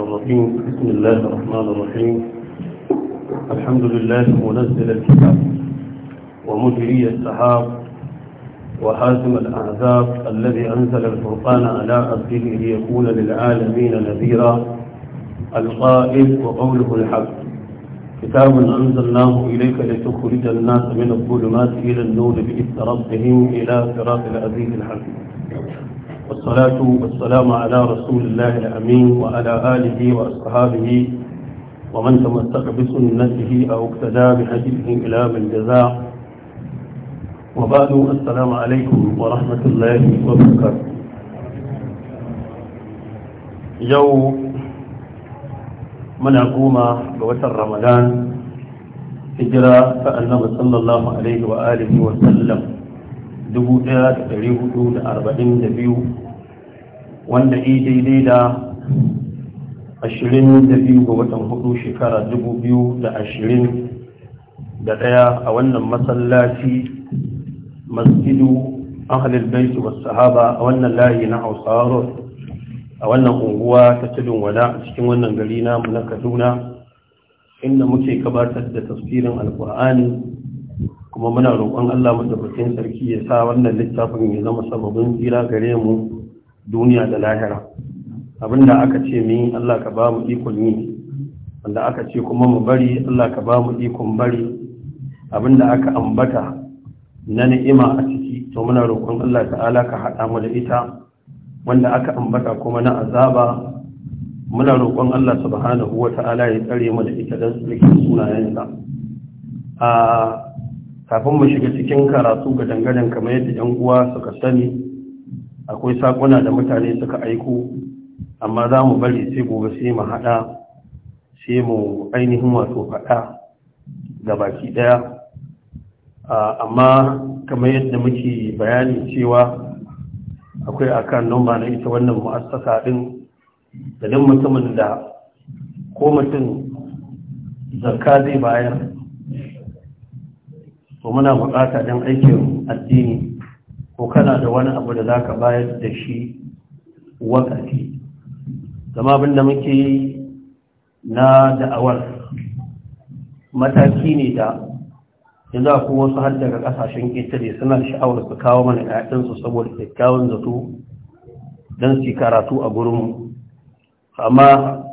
الرحيم بسم الله الرحمن الرحيم الحمد لله منزل الكتاب ومجري السحاب وحازم الأعذاب الذي أنزل الفرقان على عبده ليكون للعالمين نذيرا القائل وقوله الحق كتاب أنزلناه إليك لتخرج الناس من الظلمات إلى النور بإذن ربهم إلى صراط العزيز الحكيم والصلاة والسلام على رسول الله الأمين وعلى آله وأصحابه ومن تمسك بسنته أو اقتدى بهديه إلى من جزاء وبعد السلام عليكم ورحمة الله وبركاته يوم من أقوم بوتر رمضان هجرة فألنا صلى الله عليه وآله وسلم biyu, wanda yi daidai da ashirin da biyu ga watan hudu shekara dubu biyu da ashirin da ɗaya a wannan masallaci masjidu ahalil baiti wasu sahaba a wannan layi na hausawa a wannan unguwa ta tudun wada a cikin wannan gari namu na kaduna inda muke gabatar da tafsirin alkur'ani kuma muna roƙon Allah madaukakin sarki ya sa wannan littafin ya zama sababin tsira gare mu duniya da lahira abinda aka ce min Allah ka ba mu ikon yi wanda aka ce kuma mu bari Allah ka ba mu ikon bari abinda aka ambata na ni'ima a ciki to muna roƙon Allah ta'ala ka haɗa mu da ita wanda aka ambata kuma na azaba muna roƙon Allah subhanahu wa ta'ala ya tsare mu da ita don tsarkin sunayensa a ah, kafin mu shiga cikin karatu ga dangadan kamar yadda yan uwa suka sani akwai sakuna da mutane suka aiko amma za mu bari sai gobe sai mu haɗa sai mu ainihin wato faɗa ga baki ɗaya amma kamar yadda muke bayani cewa akwai akan nomba na ita wannan mu'assasa ɗin da duk mutumin da ko mutum zakka zai bayar to muna bukata don aikin addini ko kana da wani abu da za ka bayar da shi wakati. zama abin da muke na da'awar mataki ne da ya za ku wasu har daga ƙasashen ƙetare suna sha'awar su kawo mana ƴaƴansu saboda kyakkyawan zato don su karatu a gurinmu amma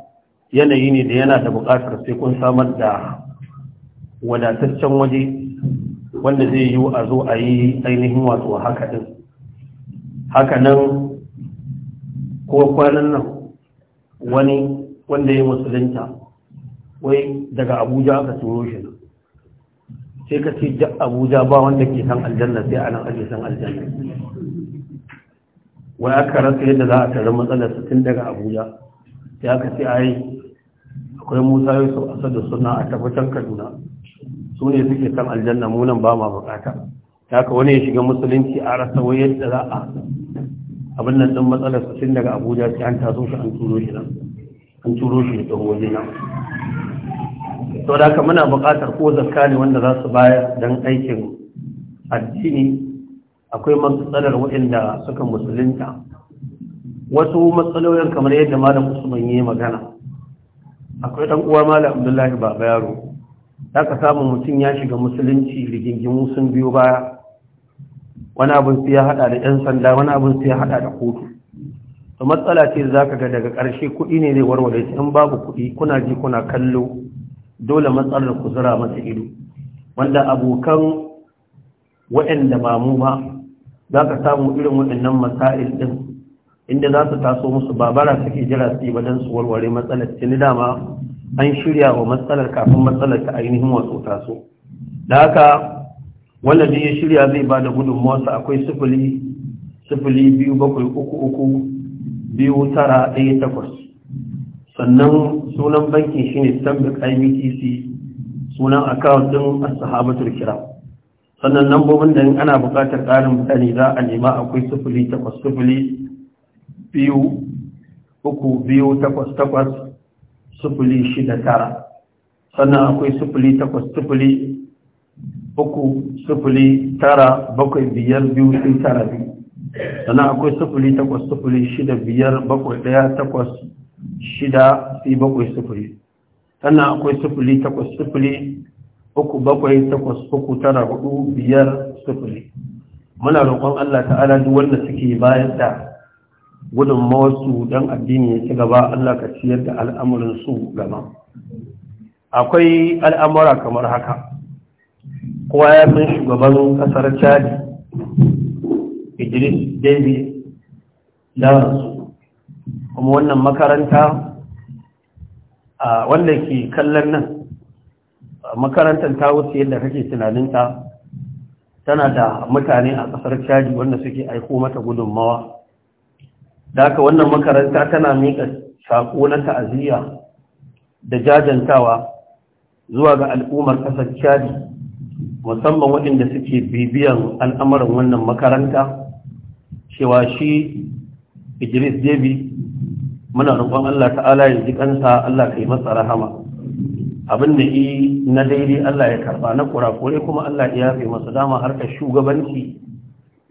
yanayi ne da yana da buƙatar sai kun samar da wadataccen waje wanda zai yi a zo a yi ainihin wato haka din haka nan ko kwanan nan wani wanda ya musulunta wai daga abuja aka turo shi sai ka ce duk abuja ba wanda ke san aljanna sai a nan ake san aljanna wai aka rasa yadda za a tare matsalar su tun daga abuja sai aka ce ai akwai musa yusuf asadu suna a tabbatar kaduna su ne suke san aljanna mu nan ba ma bukata haka wani ya shiga musulunci a rasa wayar da za a abin nan din matsalar su tun daga Abuja sai an taso shi an turo shi nan an turo shi da waje nan to da haka muna bukatar ko zakka ne wanda za su bayar don aikin addini akwai matsalar waɗanda suka musulunta wasu matsalolin kamar yadda malam Usman yi magana akwai dan uwa malam Abdullahi Baba Yaro za ka samu mutum ya shiga musulunci rigingimu sun biyo baya wani abin su ya hada da 'yan sanda wani abin su ya hada da kotu to matsala ce za ka ga daga ƙarshe kuɗi ne zai warware su in babu kuɗi kuna ji kuna kallo dole matsalar ku zira masa ido wanda abokan waɗanda ba mu ba za ka samu irin waɗannan masail ɗin inda za su taso musu babara suke jira su yi ba don su warware matsalar tuni dama an shirya wa matsalar kafin matsalar ta ainihin wasu taso da haka wanda ya shirya zai ba da su akwai sifili sifili biyu bakwai uku uku biyu tara ɗaya takwas sannan sunan bankin shi shine stanbic ibtc sunan akawun ɗin asahabatul kira sannan lambobin da ana buƙatar ƙarin mutane za a nema akwai sifili takwas sifili biyu uku biyu takwas takwas sufuli shida tara sannan akwai sufuli takwas sufuli uku sufuli tara bakwai biyar biyu sun tara biyu sannan akwai sufuli takwas sufuli shida biyar bakwai ɗaya takwas shida fi bakwai sufuli sannan akwai sufuli takwas sufuli uku bakwai takwas uku tara hudu biyar sufuli muna roƙon Allah ta'ala duk wanda suke bayan da gudunmawarsu don addini ya ci gaba Allah ka ciyar da al'amuransu gaba akwai al'amura kamar haka kowa ya fi shugaban kasar chadi idris david laransu kuma wannan makaranta a wanda ke kallon nan makarantar ta wuce yadda kake tunaninta tana da mutane a ƙasar chadi wanda suke aiko mata gudunmawa da wannan makaranta tana miƙa saƙo na ta'aziyya da jajantawa zuwa ga al'ummar ƙasar Chadi musamman waɗanda suke bibiyan al'amarin wannan makaranta cewa shi Idris Debi muna roƙon Allah ta'ala ya ji kansa Allah ka masa rahama abin da yi na daidai Allah ya karba na kurakure kuma Allah ya yafe masa dama harkar shugabanci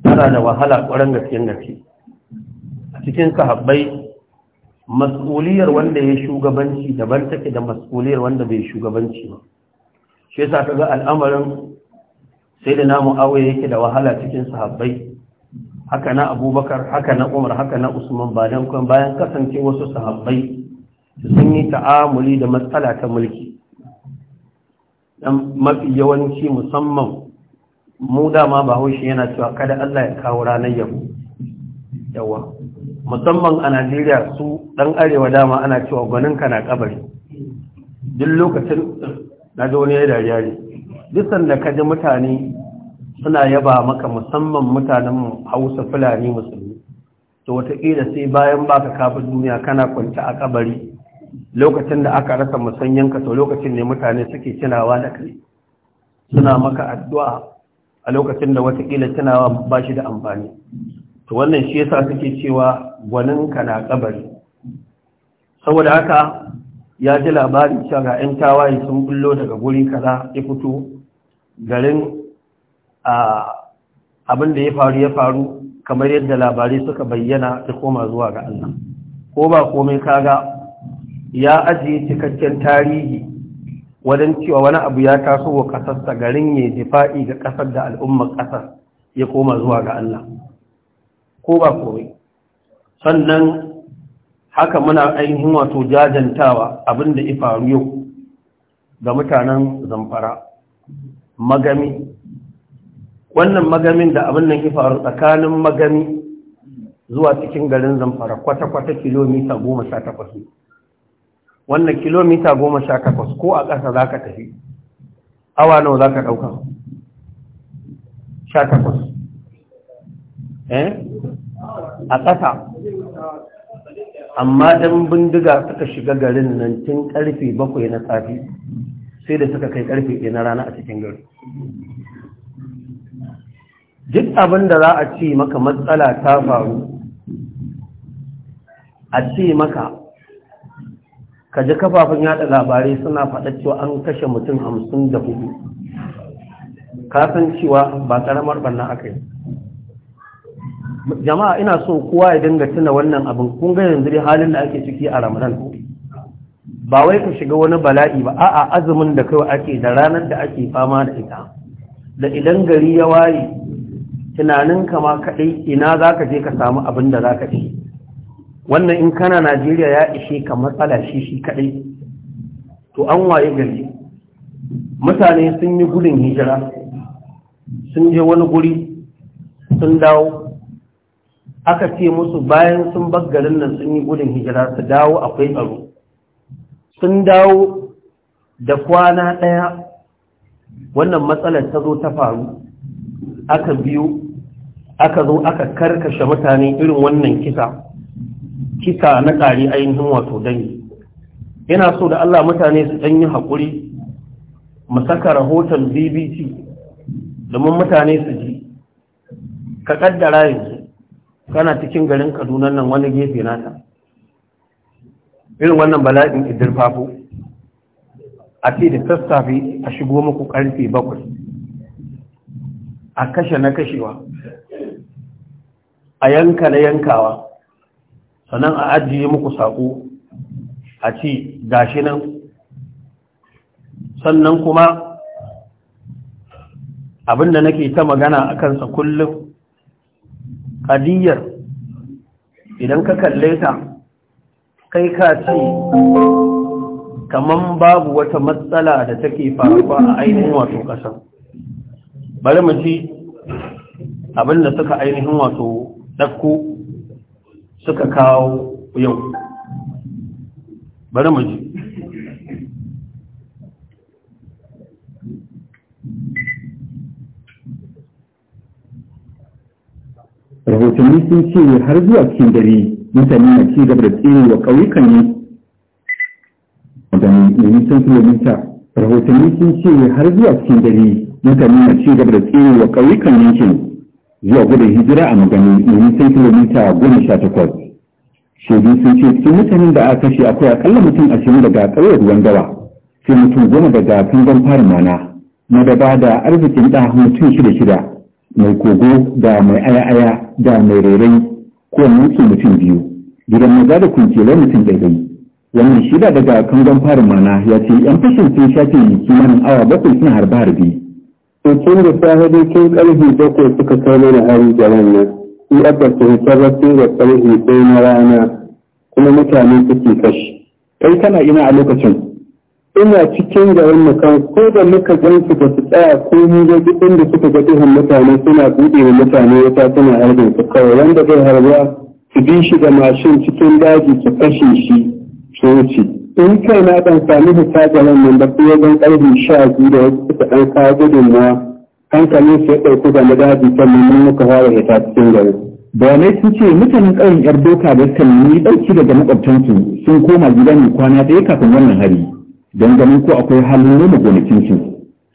tana da wahala ƙwarar gaske gaske cikin sahabbai mas'uliyar wanda ya shugabanci daban take da mas'uliyar wanda bai shugabanci ba shi yasa ga al'amarin sai da namu awe yake da wahala cikin sahabbai haka na abubakar haka na umar haka na usman ba dan bayan kasance wasu sahabbai sun yi ta'amuli da matsala ta mulki dan mafi yawanci musamman mu dama ba haushi yana cewa kada Allah ya kawo ranar yabo yawa musamman a najeriya su ɗan arewa dama ana cewa gwaninka na kabari duk lokacin na ga wani ya dariya ne duk sanda ka ji mutane suna yaba maka musamman mutanen hausa fulani musulmi to wataƙila sai bayan baka kafa duniya kana kwanta a kabari lokacin da aka rasa musanyanka to lokacin ne mutane suke tunawa da kai suna maka addu'a a lokacin da watakila tunawa ba shi da amfani to wannan shi yasa suke cewa gwaninka na kabari saboda haka ya ji labari cewa 'yan tawaye sun bullo daga guri kaza ya fito garin abin da ya faru ya faru kamar yadda labarai suka bayyana ya koma zuwa ga Allah ko ba komai kaga ya ajiye cikakken tarihi wajen cewa wani abu ya taso wa ƙasarsa garin ya difa'i ga ƙasar da al'ummar ƙasar ya koma zuwa ga Allah ko ba komai sannan haka muna ainihin wato jajantawa abin da ifa yau ga mutanen zamfara magami wannan magamin da abin nan ifa faru tsakanin magami zuwa cikin garin zamfara kwata-kwata kilomita goma sha takwas wannan kilomita goma sha takwas ko a ƙasa za ka tafi awa nawa za ka ɗauka sha takwas eh? a ƙasa amma ɗan bindiga suka shiga garin nan tun ƙarfe bakwai na safi sai da suka kai ƙarfe ɗaya na rana a cikin gari duk abin da za a ce maka matsala ta faru a ce maka ka ji kafafen yada labarai suna faɗa cewa an kashe mutum hamsin da hudu kasan cewa ba ƙaramar ɓanna aka yi jama'a ina so kowa ya dinga tuna wannan abin kun ga yanzu dai halin da ake ciki a ramadan ba wai ka shiga wani bala'i ba a'a azumin da kawai ake da ranar da ake fama da ita da idan gari ya waye tunanin ma kaɗai ina zaka je ka samu abin da zaka ci wannan in kana najeriya ya ishe ka matsala shi shi kaɗai to an waye gari mutane sun yi gudun hijira sun je wani guri sun dawo aka ce musu bayan sun baggarin nan sun yi gudun hijira su dawo akwai tsaro sun dawo da kwana ɗaya wannan matsalar ta zo ta faru aka biyu aka zo aka karkashe mutane irin wannan kisa kisa na ƙari ainihin wato dangi yana so da Allah mutane su yi haƙuri mu saka rahoton bbc domin mutane su ji ka ƙaddara yanzu kana cikin garin kaduna nan wani gefe nata irin wannan bala'in fafo a ce da sassafe a shigo muku karfe bakwai a kashe na kashewa a yanka na yankawa sannan a ajiye muku sako, a ce gashi nan sannan kuma abinda nake ta magana a kansa kullum Kadiyar, idan ka kalle ta kai ka ce kaman babu wata matsala da take faruwa a ainihin wato ƙasar bari mu ci da suka ainihin wato ɗakku suka kawo yau bari mu ji sun ce har zuwa cikin dare mutane na ci gaba da tsere wa ƙauyukan ne mutane da nisan kilomita rahotanni sun ce har zuwa cikin dare mutane na ci gaba da tsere wa ƙauyukan yankin zuwa gudun hijira a magani da nisan kilomita goma sha takwas shaidu sun ce cikin mutanen da aka kashe akwai akalla mutum ashirin daga ƙauyar ruwan dawa sai mutum goma daga kangon fari mana na da ba da arzikin ɗa mutum shida shida mai kogo da mai aya-aya da mai rairai ko mutu mutum biyu gidan maza da kunkilai mutum ɗaiɗai wannan shida daga kangon farin mana ya ce yan fashin sun shafe kimanin awa bakwai suna harbe harbi tun da safe kai ƙarfi bakwai suka kai mana hari da nan su aka sun sarrafin da ƙarfi sai na rana kuma mutane suke kashi. kai kana ina a lokacin ina cikin garin kan ko da muka gan su ba su tsaya ko mu ga duk inda suka ga duhun mutane suna buɗe wa mutane wata suna harbin su kawai wanda zai harba su bi shi da mashin cikin daji su kashe shi su in kai na dan sami hita garin nan da kuma gan ƙarfi sha biyu da wasu suka ɗan kawo ma hankalin su ya ɗauki da daji ta mun muka fara hita cikin garin. bayanai sun ce mutanen ƙarin yar doka da suka nemi ɗauki daga maƙwabtansu, sun koma gida ne kwana ɗaya kafin wannan hari don ganin ko akwai halin noma gonakin su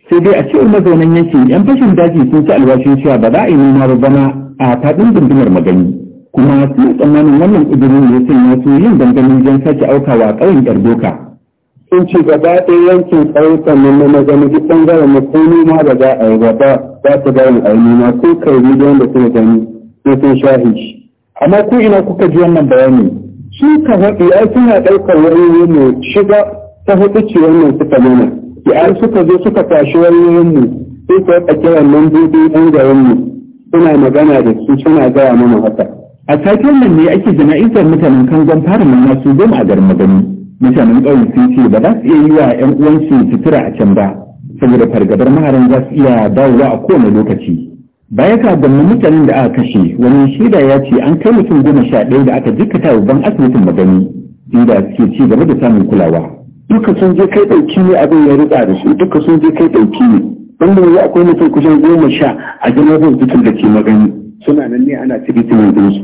sai dai a cewar mazaunan yankin yan fashin daji sun ci alwashin cewa ba za a yi noma ba bana a faɗin gundumar magani kuma sun tsammanin wannan ƙudurin ya sanya su yin dangane don sake aukawa ƙauyen ƙyardoka. sun ci gaba ɗaya yankin ƙauyukan na na magani duk ɓangaren na ko noma ba za a yi ba ba za ta bayan a yi noma ko kai da suka gani na sun shahi amma ko ina kuka ji wannan bayani shi ka ai suna ɗaukar wani mai shiga ta hudu ce wannan suka mana ya suka zo suka tashi wayoyinmu sai ka tsaki wannan dubi ɗan garinmu suna magana da su suna gaya mana haka. A safiyan nan ne ake jana'izar mutanen kangon fara nan su goma a garin magani. Mutanen ƙauyen sun ce ba za su iya yi wa ‘yan uwansu sutura a can ba, saboda fargabar maharan za su iya dawowa a kowane lokaci. Baya ka gamin mutanen da aka kashe wani shaida ya ce an kai mutum goma sha ɗaya da aka jikkata ban asibitin magani, inda suke ci gaba da samun kulawa. duka sun je kai ɗauki ne abin ya rika da su duka sun je kai ɗauki ne wanda yanzu akwai mutum kusan goma sha a general hospital da ke magani suna nan ne ana treatment ɗinsu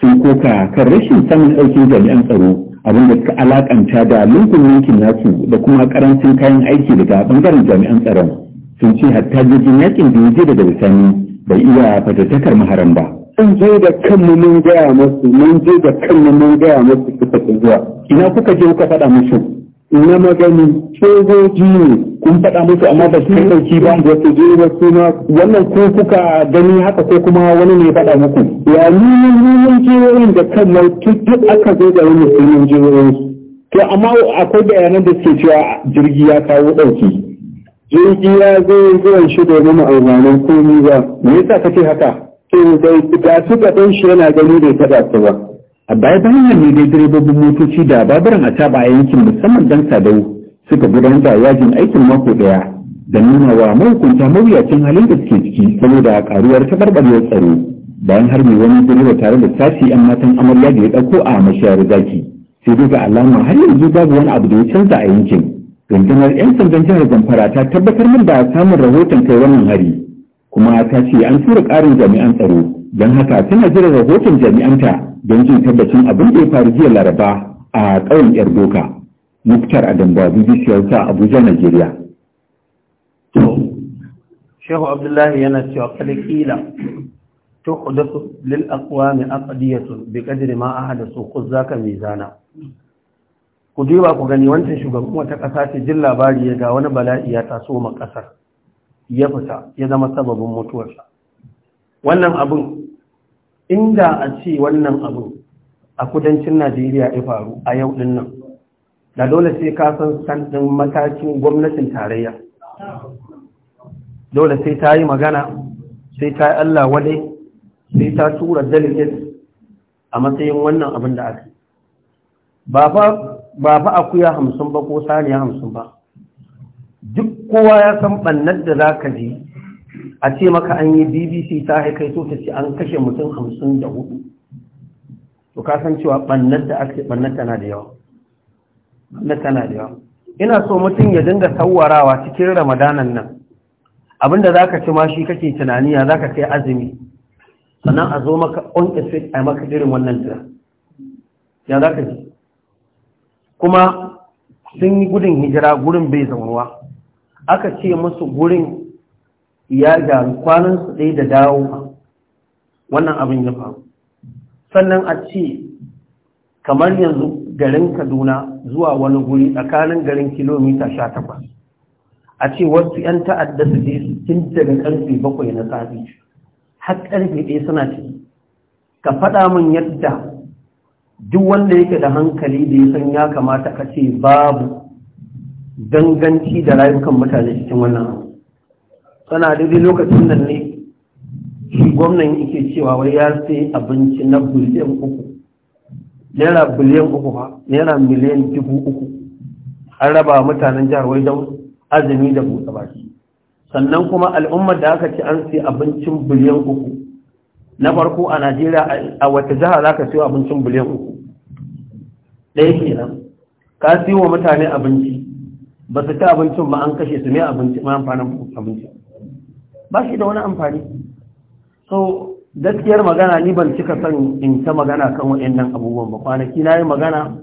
sun koka kan rashin samun ɗaukin jami'an tsaro abin da suka alakanta da lungun yankin nasu da kuma karancin kayan aiki daga bangaren jami'an tsaron sun ce hatta jirgin yakin da je daga bisani bai iya fatattakar maharan ba. Mun je da kanmu mun gaya masu, mun je da kanmu mun gaya masu suka zuwa. Ina kuka je kuka faɗa musu? na magani sojoji ne kun faɗa musu amma ba su ɗauki ba wasu je su na wannan ko kuka gani haka ko kuma wani ne faɗa muku ya nunan jihohin da kan mai duk aka zo da wani sunan jihohin to amma akwai bayanan da suke cewa jirgi ya kawo ɗauki jirgi ya zo zuwan shi domin almanan komi ba me yasa kace haka to da su dan shi yana gani bai faɗa su ba a baya bayan hanyar ne dai direbobin motoci da babiran a taba a yankin musamman dan sadau suka gudanar da yajin aikin mako daya da nuna wa mahukunta mawuyacin halin da suke ciki saboda karuwar tabarbarewar tsaro bayan har mai wani direba tare da sashi yan matan amarya da ya dauko a mashayar zaki sai dai alama har yanzu babu wani abu da ya canza a yankin rundunar yan sandan jihar zamfara ta tabbatar min da samun rahoton kai wannan hari kuma ta ce an tura ƙarin jami'an tsaro don haka tana jiran rahoton jami'anta don jin tabbacin abin da ya faru jiya laraba a ƙauyen yar doka muktar a damba bbc yauta abuja nigeria shehu abdullahi yana cewa kada kila to hudasu lil aqwami aqdiyatu bi qadri ma su khudh zaka mizana ku diba ku gani wancan shugaban wata ƙasa ce jin labari ya ga wani bala'i ya taso ma ƙasar ya fita ya zama sababin mutuwarsa wannan abin inda a ce wannan abu a kudancin najeriya ya faru a yau din nan da dole sai ka san sandin matakin gwamnatin tarayya dole sai ta yi magana sai ta yi allah wadai sai ta tura delegate a matsayin wannan abin da aka ba fa akuya hamsin ba ko saniya hamsin ba duk kowa ya san bannar da za ka je. a ce maka an yi bbc ta haikai so ta ce an kashe mutum hamsin da hudu to san cewa bannan da ake bannan tana da yawa bannan tana da yawa ina so mutum ya dinga tawwarawa cikin ramadanan nan abinda ka ci ma shi kake tunani ya ka kai azumi sannan a zo maka on fit a maka irin wannan tira ya ka ji kuma sun yi gudun hijira gurin bai zaunuwa aka ce musu gurin ya gyaru kwanan su ɗaya da dawo wannan abin ya faru sannan a ce kamar yanzu garin kaduna zuwa wani guri tsakanin garin kilomita sha takwas a ce wasu 'yan ta'adda su je su tun daga karfe bakwai na safe har karfe ɗaya suna ce. ka faɗa min yadda duk wanda yake da hankali da ya san ya kamata ka ce babu danganci da rayukan mutane cikin wannan tana daidai lokacin nan ne gwamnan yake cewa wai ya sai abinci na biliyan uku naira biliyan uku ba naira miliyan dubu uku an raba mutanen jihar wai don azumi da buɗe baki sannan kuma al'ummar da aka ce an sai abincin biliyan uku na farko a najeriya a wata jiha za ka siyo abincin biliyan uku ɗaya ke nan, ka siyo wa mutane abinci ba su ta abincin ba an kashe su ne abinci ma amfanin abincin ba shi da wani amfani so gaskiyar magana ni ban cika son in ta magana kan waɗannan abubuwan ba kwanaki na yi magana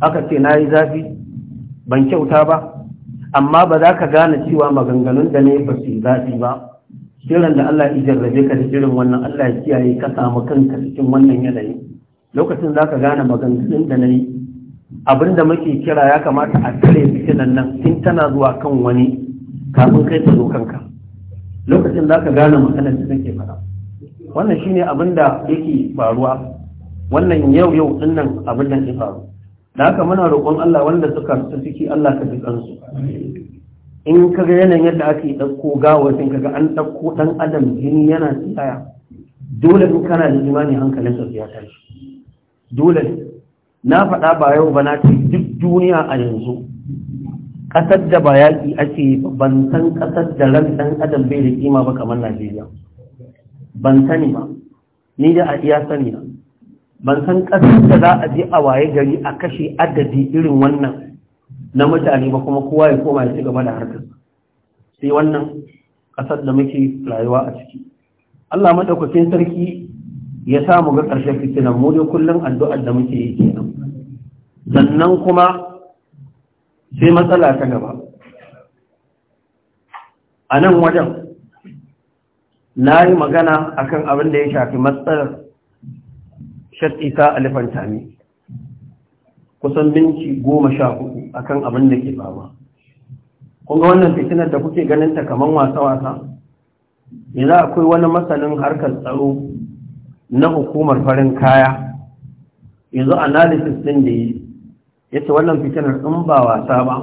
aka ce na yi zafi ban kyauta ba amma ba za ka gane cewa maganganun da ne ba su zafi ba shirin da Allah ya jarrabe ka da shirin wannan Allah ya kiyaye ka samu kanka cikin wannan yanayi lokacin za ka gane maganganun da na yi abin da muke kira ya kamata a tare fitinan nan tun tana zuwa kan wani kafin kai ta zo kanka lokacin za ka gane matsalar da take fara wannan shine abin da yake faruwa wannan yau yau din abin da ya faru da haka muna roƙon Allah wanda suka su ciki Allah ka jikan su in ka ga yanayin yadda ake ɗauko gawasin ka ga an ɗauko ɗan adam jini yana tsaya dole in kana da imani hankalin sa ya tashi dole na faɗa ba yau ba na ce duk duniya a yanzu ƙasar da ba yaƙi ake ban san ƙasar da ran ɗan adam bai da kima ba kamar najeriya ban sani ba ni da a iya sani na ban san ƙasar da za a je a waye gari a kashe adadi irin wannan na mutane ba kuma kowa ya koma ya ci gaba da harkar sai wannan ƙasar da muke rayuwa a ciki Allah madaukakin sarki ya sa mu ga ƙarshen fitinan mu dai kullum addu'ar da muke yi kenan sannan kuma sai matsala ta gaba a nan wajen na yi magana akan abin da ya shafi matsalar shat'isa alifantami kusan binci goma sha hudu kan abin da ke faruwa kunga wannan fitinar da kuke ganin ta wasa-wasa yanzu akwai wani masanin harkar tsaro na hukumar farin kaya yanzu analysis din da yi ya ce wannan fitinar in ba wasa ba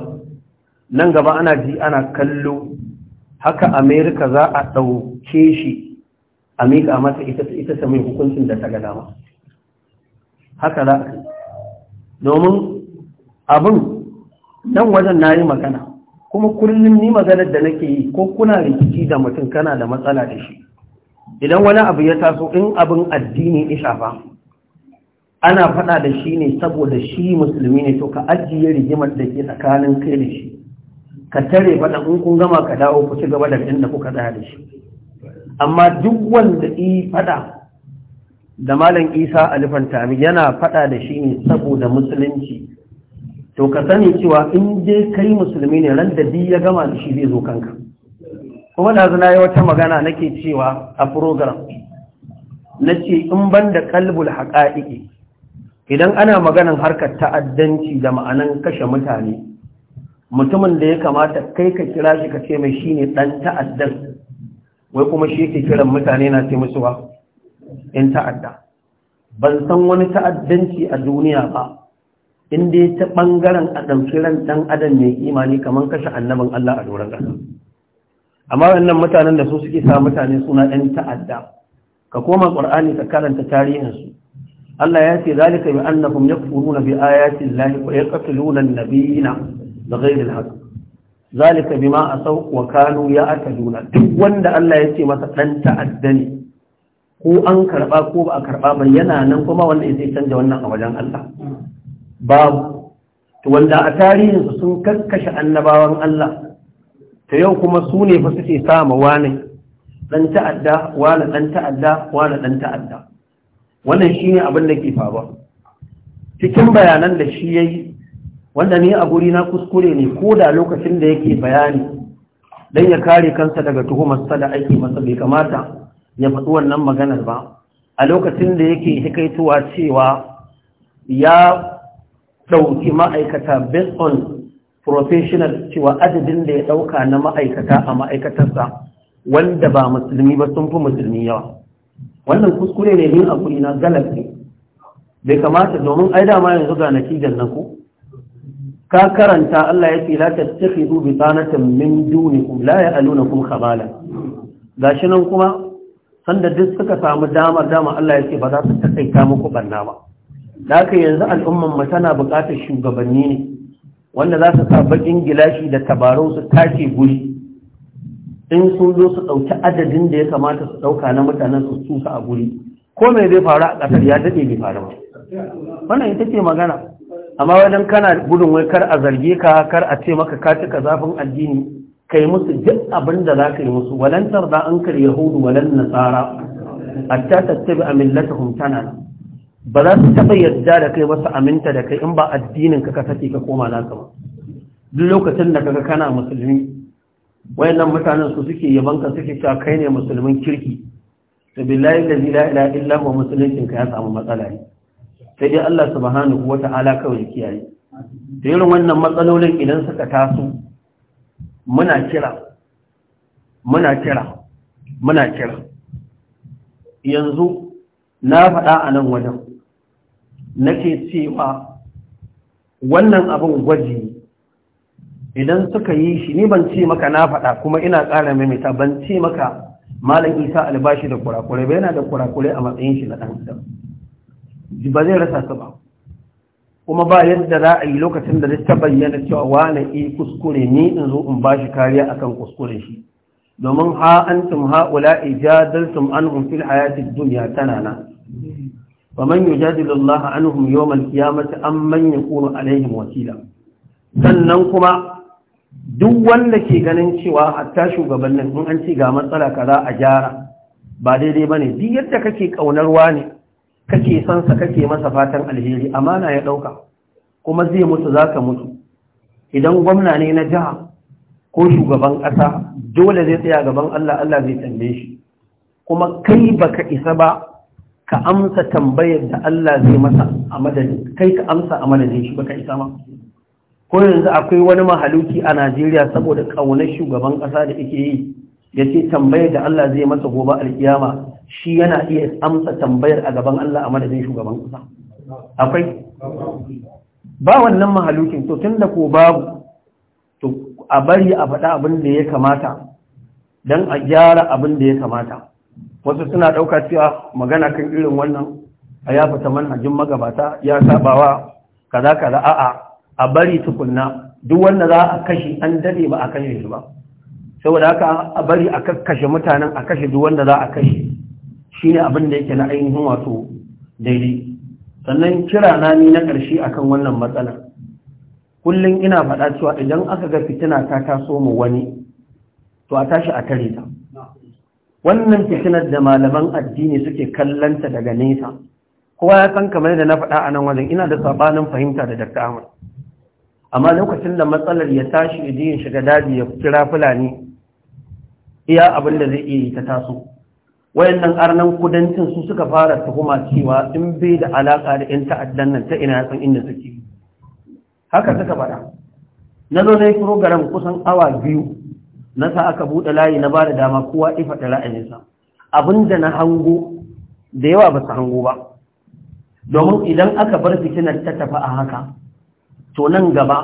nan gaba ana ji ana kallo haka amerika za a ɗauke shi a miƙa mata ita ta mai hukuncin da ta gada ba haka za a domin abin nan wajen na yi magana kuma kullum ni maganar da nake yi ko kuna rikici da mutum kana da matsala da shi idan wani abu ya taso in abin addini ya shafa ana faɗa da shi ne saboda shi musulmi ne to ka ajiye rigimar da ke tsakanin kai da shi ka tare faɗa in kun gama ka dawo ku ci gaba da inda kuka tsaya da shi amma duk wanda yi faɗa da malam isa alifantami yana faɗa da shi ne saboda musulunci to ka sani cewa in je kai musulmi ne ran da bi ya gama da shi zai zo kanka kuma da zana yi wata magana nake cewa a program na ce in ban da kalbul haƙa'iƙi idan ana maganan harkar ta'addanci da ma'anan kashe mutane mutumin da ya kamata kai ka kira shi ka ce mai shi ne ɗan ta'addan wai kuma shi yake kiran mutane na ce musu ba in ta'adda ban san wani ta'addanci a duniya ba inda ya ta ɓangaren a ɗauki ran ɗan adam mai imani kamar kashe annabin Allah a doron ƙasa amma wannan mutanen da su suke sa mutane suna ɗan ta'adda ka koma ƙur'ani ka karanta tarihinsu Allah ya ce zalika bi annahum yakfuruna bi ayati Allah wa yaqtuluna an-nabiyina bighayri al-haqq zalika bima asaw wa kanu ya'taduna duk wanda Allah ya ce masa dan ne, ko an karba ko ba a karba ba yana nan kuma wanda ya sai canja wannan a wajen Allah babu to wanda a tarihin su sun kakkashe annabawan Allah ta yau kuma su ne fa suke sama wani dan ta'adda wala dan ta'adda wala dan ta'adda wannan shi ne abin da ke faruwa cikin bayanan da shi ya yi, wanda ni a guri na kuskure ne ko da lokacin da yake bayani don ya kare kansa daga tuhumar sa da aiki masa bai kamata ya faɗi wannan maganar ba a lokacin da yake hikaituwa cewa ya ɗauki ma'aikata based on professional cewa adadin da ya ɗauka na ma'aikata a ma'aikatarsa wanda ba musulmi ba sun fi musulmi yawa wannan kuskure ne yin akuri na galak bai kamata domin ai dama yanzu ga natijar na ku ka karanta Allah ya ce ta tattakhidu bi tanatan min dunikum la ya'lunukum khabala shi nan kuma sanda duk suka samu damar dama Allah ya ce ba za su takaita muku banna ba da haka yanzu al'umman mu tana buƙatar shugabanni ne wanda za su sa bakin gilashi da tabarau su tace guri in sun zo su ɗauki adadin da ya kamata su ɗauka na mutanen su tusa a guri ko mai zai faru a ƙasar ya daɗe bai faru ba wannan ita ce magana amma wajen kana gudun wai kar a zarge ka kar a ce maka ka cika zafin addini kai musu duk abin da za ka yi musu walantar da an kar yahudu walan nasara hatta tattabi a millatahum tana ba za su taɓa yadda da kai wasu aminta da kai in ba addinin ka ka sake ka koma naka ba duk lokacin da kaga kana musulmi wayannan mutanen su suke yabanka suke cewa kai ne musulmin kirki to billahi la ilaha illa huwa musulmin ka ya samu matsala ne sai dai Allah subhanahu wata'ala kawai kiyaye to irin wannan matsalolin idan suka taso muna kira muna kira muna kira yanzu na faɗa a nan wajen nake cewa wannan abin gwaji idan suka yi shi ni ban ce maka na faɗa kuma ina ƙara maimaita ban ce maka malam isa albashi da kurakurai ba yana da kurakurai a matsayin shi na ɗan adam ba zai rasa su ba kuma ba yadda za a yi lokacin da ta bayyana cewa wane yi kuskure ni in zo in ba shi kariya akan kuskure shi domin ha antum haula ijadaltum anhum fil hayatid tana tanana wa man yujadilu Allah anhum yawm al-qiyamati am man yakunu alaihim wakila sannan kuma duk wanda ke ganin cewa hatta shugabannin in an ce ga matsala kaza a jara, ba daidai ba ne duk yadda kake kaunarwa ne kake sansa kake masa fatan alheri amana ya ɗauka kuma zai mutu za ka mutu idan gwamna ne na jiha ko shugaban ƙasa dole zai tsaya gaban Allah Allah zai tambaye shi kuma kai baka isa ba ka amsa tambayar da Allah zai masa a madadin kai ka amsa a madadin shi baka isa ma ko yanzu akwai wani mahaluki a Najeriya saboda ƙaunar shugaban kasa da yake yi ya ce tambayar da Allah zai masa gobe alkiyama shi yana iya amsa tambayar a gaban Allah a madadin shugaban kasa akwai ba wannan mahalukin to tun da ko babu to a bari a faɗa abin da ya kamata don a gyara abin da ya kamata wasu suna ɗauka cewa magana kan irin wannan a ya fita manhajin magabata ya sabawa kaza kaza a'a a bari tukunna duk wanda za a kashe an dade ba a kashe shi ba saboda haka a bari a kakkashe mutanen a kashe duk wanda za a kashe shine abin da yake na ainihin wato daidai sannan kira na ni na ƙarshe akan wannan matsalar kullum ina faɗa cewa idan aka ga fitina ta taso mu wani to a tashi a tare ta wannan fitinar da malaman addini suke kallanta daga nesa kowa ya san kamar da na faɗa a nan wajen ina da sabanin fahimta da Dr. Ahmad amma lokacin da matsalar ya tashi ya yin shiga daji ya kira fulani iya abin da zai iya ta taso wayannan arnan kudancin su suka fara tuhuma cewa in bai da alaka da yan ta'addan nan ta ina san inda suke haka suka faɗa na zo na yi program kusan awa biyu na sa aka buɗe layi na ba da dama kowa ifa da ra'ayinsa abinda na hango da yawa ba su hango ba domin idan aka bar fitinar ta tafi a haka to nan gaba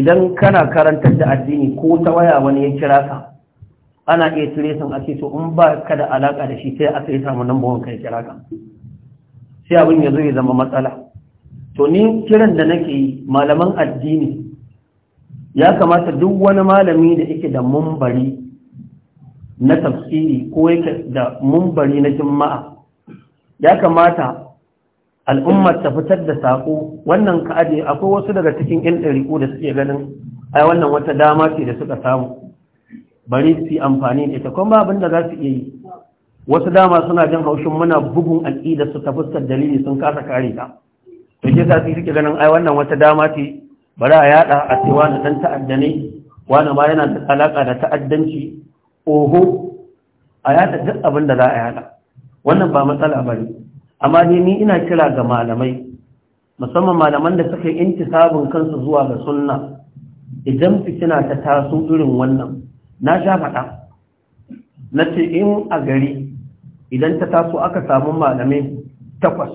idan kana karantar da addini ko ta waya wani ya kira ka ana iya cire san ake so, in ba ka da alaka da shi sai aka yi samu nan bawon kai kira ka sai abin ya zo ya zama matsala to ni kiran da nake yi malaman addini ya kamata duk wani malami da yake da mumbari na tafsiri ko yake da mumbari na jimma'a ya kamata al'ummar ta fitar da saƙo wannan ka aje akwai wasu daga cikin yan ɗariƙo da suke ganin ai wannan wata dama ce da suka samu bari su yi amfani da ita kuma abin da za su iya yi wasu dama suna jin haushin muna bugun aƙida su ta fuskar dalili sun kasa kare ta to ke sa suke ganin ai wannan wata dama ce bari a yada a ce wani ɗan ta'adda ne wani ma yana da alaƙa da ta'addanci oho a yada duk abin da za a yada wannan ba matsala ba ne. amma dai ni ina kira ga malamai musamman malaman da suka yi inci intisabin kansu zuwa ga sunna idan fitina ta taso irin wannan na sha faɗa na ce in a gari idan ta taso aka samu malamai takwas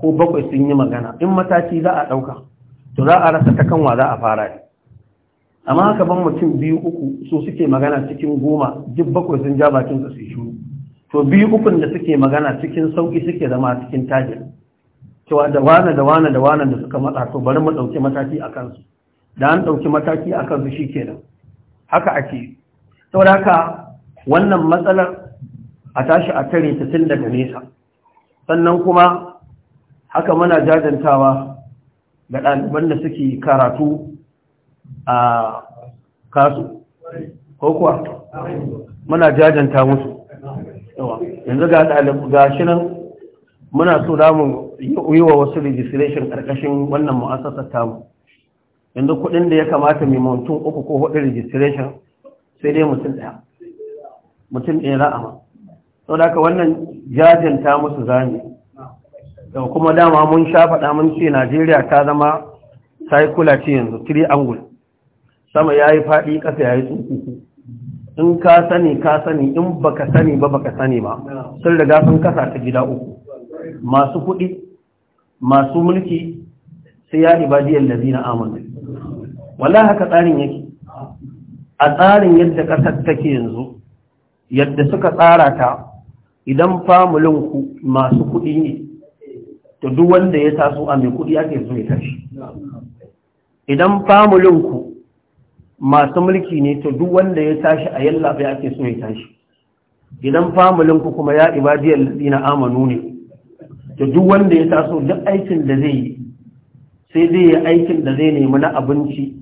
ko bakwai sun yi magana in mataki za a ɗauka to za a rasa ta kanwa za a fara ne amma haka ban mutum biyu uku su suke magana cikin goma duk bakwai sun ja bakin su su to biyu ukun da suke magana cikin sauki suke zama cikin tajir, cewa da wane da wane da wane da suka matsa to bari mu ɗauki mataki a kansu da an ɗauki mataki a kansu shi kenan haka ake saboda haka wannan matsalar a tashi a tare ta tun daga nesa sannan kuma haka muna jajantawa ga ɗaliban da suke karatu a kasu ko kuwa muna jajanta musu yanzu ga shi nan muna so damu yi wa wasu registration karkashin wannan mu'assasar tamu yanzu kuɗin da ya kamata mai mutum uku ko hudu registration sai dai mutum ɗaya mutum ɗaya ra'ama sau da aka wannan ta musu zane, da kuma dama mun sha faɗa mun ce najeriya ta zama kula ce yanzu 3 angul sama ya yi faɗi ƙasa ya yi tsunkuku in ka sani ka sani in baka sani ba baka sani ba sun riga sun kasa ta gida uku masu kuɗi masu mulki sai ya ibadiyar da zina amurka wala haka tsarin yake a tsarin yadda ƙasar take yanzu yadda suka tsara ta idan famulinku masu kuɗi ne to duk wanda ya taso a mai kuɗi ake zuwa ya tashi idan famulinku masu mulki ne to duk wanda ya tashi a yallaɓe ake so ya tashi idan famulinku kuma ya ibadiyar na amanu ne to duk wanda ya taso duk aikin da zai yi sai zai yi aikin da zai nemi na abinci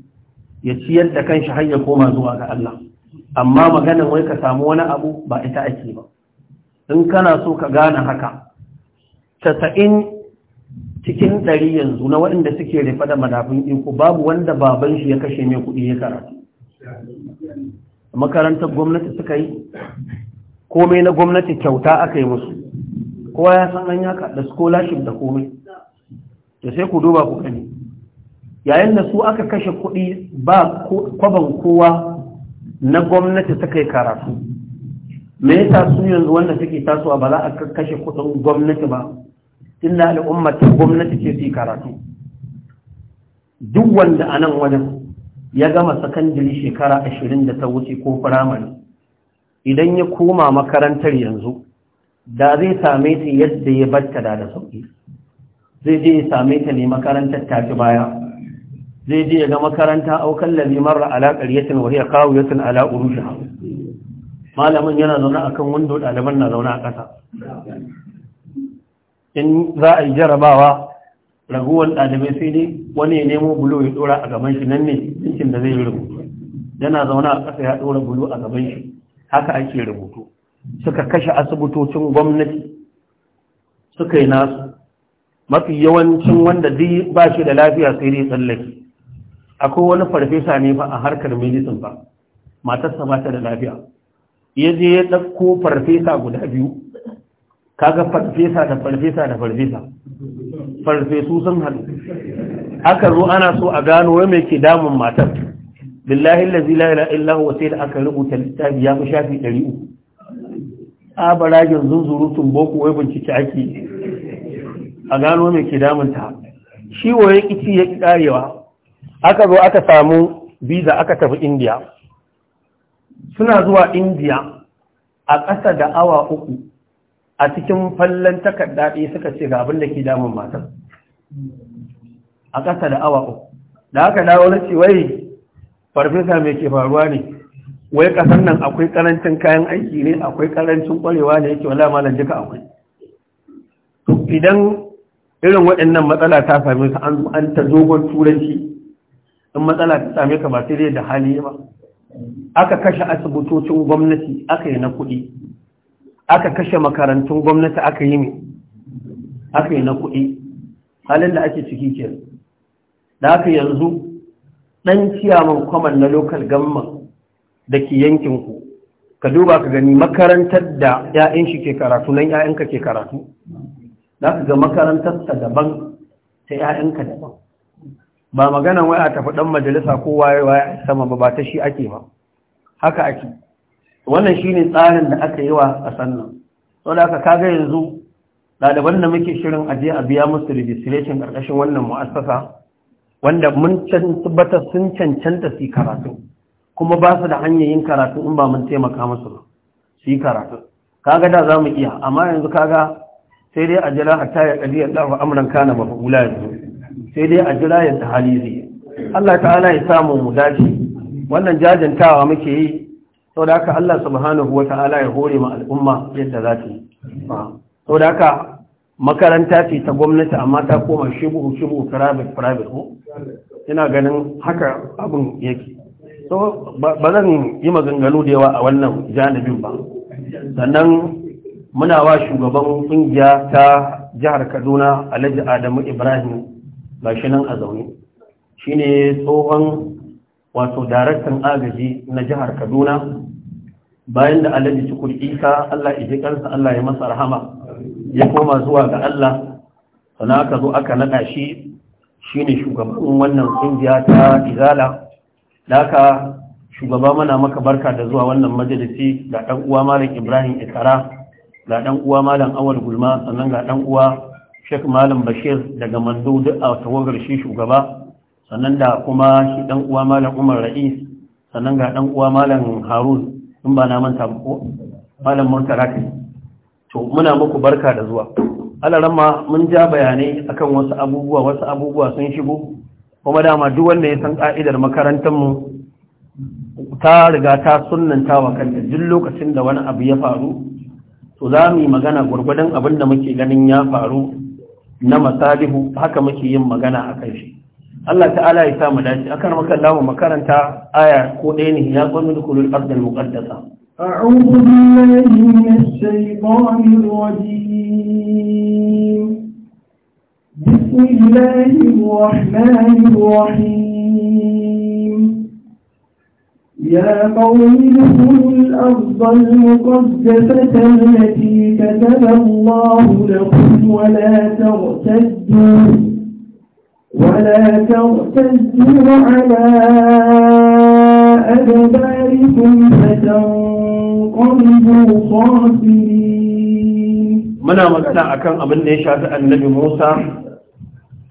ya ciyar da kanshi har ya koma zuwa ga Allah amma maganar wai ka samu wani abu ba ita ake ba in kana so ka gane haka cikin ɗari yanzu na waɗanda suke rufe da madafin iko babu wanda baban shi ya kashe mai kuɗi ya karatu makarantar gwamnati suka yi komai na gwamnati kyauta aka yi musu kowa ya san an yaka da scholarship da komai da sai ku duba ku kani yayin da su aka kashe kuɗi ba kwaban kowa na gwamnati suka yi karatu me yasa su yanzu wanda suke tasowa ba za a kashe kuɗin gwamnati ba tunda al'umma ta gwamnati ce su karatu duk wanda a nan wajen ya gama sakandiri shekara ashirin da ta wuce ko firamare idan ya koma makarantar yanzu da zai same ta yadda ya batta da da sauki zai je ya same ta ne makarantar ta tafi baya zai je ya ga makaranta aukan lalimar alaƙar yatin a kawo yatin ala urusha malamin yana zaune akan wando ɗaliban na zauna a ƙasa in za a yi jarabawa raguwar ɗalibai sai dai wani ya nemo bulo ya ɗora a gaban shi nan ne cikin da zai yi rubutu yana zaune a ƙasa ya ɗora bulo a gaban shi haka ake rubutu suka kashe asibitocin gwamnati suka yi nasu mafi yawancin wanda zai ba shi da lafiya sai dai tsallake akwai wani farfesa ne fa a harkar medicin ba matarsa ba ta da lafiya ya je ya ɗauko farfesa guda biyu kaga farfesa da farfesa da farfesa farfesu sun hadu. aka zo ana so a gano wai mai ke damun matar billahi allazi la ilaha illa huwa sai da aka rubuta littafi ya fi shafi 300 a baragin zunzurutun boko wai bincike ake a gano mai ke damun ta shi waye kici ya karewa aka zo aka samu visa aka tafi India suna zuwa India a ƙasa da awa uku a cikin fallon takarda ɗaya suka ce ga abin da ke damun matan a ƙasa da awa uku da haka na wani ce wai farfesa mai ke faruwa ne wai ƙasar nan akwai ƙarancin kayan aiki ne akwai ƙarancin ƙwarewa ne yake wala malam duka akwai idan irin waɗannan matsala ta same su an an ta zogon turanci in matsala ta same ka ba sai da hali ba aka kashe asibitocin gwamnati aka yi na kuɗi aka kashe makarantun gwamnati aka yi mai aka yi na kuɗi halin da ake ciki ke da aka yanzu ɗan ciyaman kwamar na lokal gamman da ke yankinku ka duba ka gani makarantar da 'ya'yan shi ke karatu nan 'ya'yanka ke karatu za ka ga makarantarsa daban ta 'ya'yanka daban ba magana wai a tafi ɗan majalisa ko waye waye sama ba ba ta shi ake ba haka ake wannan shi ne tsarin da aka yi wa ƙasar nan da aka kaga yanzu ɗaliban da muke shirin aje a biya musu registration ƙarƙashin wannan mu'assasa wanda mun tabbatar sun cancanta su karatu kuma ba su da hanyar yin karatu in ba mun taimaka musu ba su yi karatu kaga da za mu iya amma yanzu kaga sai dai a jira hatta ya ƙari yadda wa amuran kana mafa'ula yanzu sai dai a jira yadda hali zai Allah ta'ala ya samu mu dace wannan jajantawa muke yi saboda haka Allah subhanahu wa ta'ala ya hore ma al'umma yadda za ta yi saboda haka makaranta ce ta gwamnati amma ta koma shibu shibu private private ko ina ganin haka abin yake so ba zan yi maganganu da yawa a wannan janibin ba sannan muna wa shugaban kungiya ta jihar kaduna alhaji adamu ibrahim Ba shi nan a zaune shine tsohon wato daraktan agaji na jihar kaduna bayan da alhaji cikur isa allah allah ya masa rahama ya koma zuwa ga allah sana aka zo aka naɗa shi shine shugaban wannan kungiya ta izala daka shugaba mana maka barka da zuwa wannan majalisi ga dan uwa malam ibrahim ikara ga dan uwa malam awal gulma sannan ga dan uwa sheikh malam bashir daga mando duk a tawagar shi shugaba sannan da kuma shi dan uwa malam Umar Ra'is sannan ga dan uwa malam Harun in ba na manta ko malam Murtala to muna muku barka da zuwa alaramma mun ja bayanai akan wasu abubuwa wasu abubuwa sun shigo kuma dama duk wanda ya san ka'idar makarantar mu ta riga ta sunanta wa kanta duk lokacin da wani abu ya faru to za mu yi magana gwargwadon abin da muke ganin ya faru na masalihu haka muke yin magana a shi الله تعالى ya samu dace akan makallahu makaranta aya ko ɗaya ne ya gwamnati kulul ardal muqaddasa أعوذ بالله من الشيطان الرجيم بسم الله الرحمن الرحيم يا قوم ادخلوا الأرض المقدسة التي كتب الله لكم ولا ترتدوا ولا ترتدوا على أدباركم فتنقلبوا خاسرين muna magana akan abin da ya shafi annabi Musa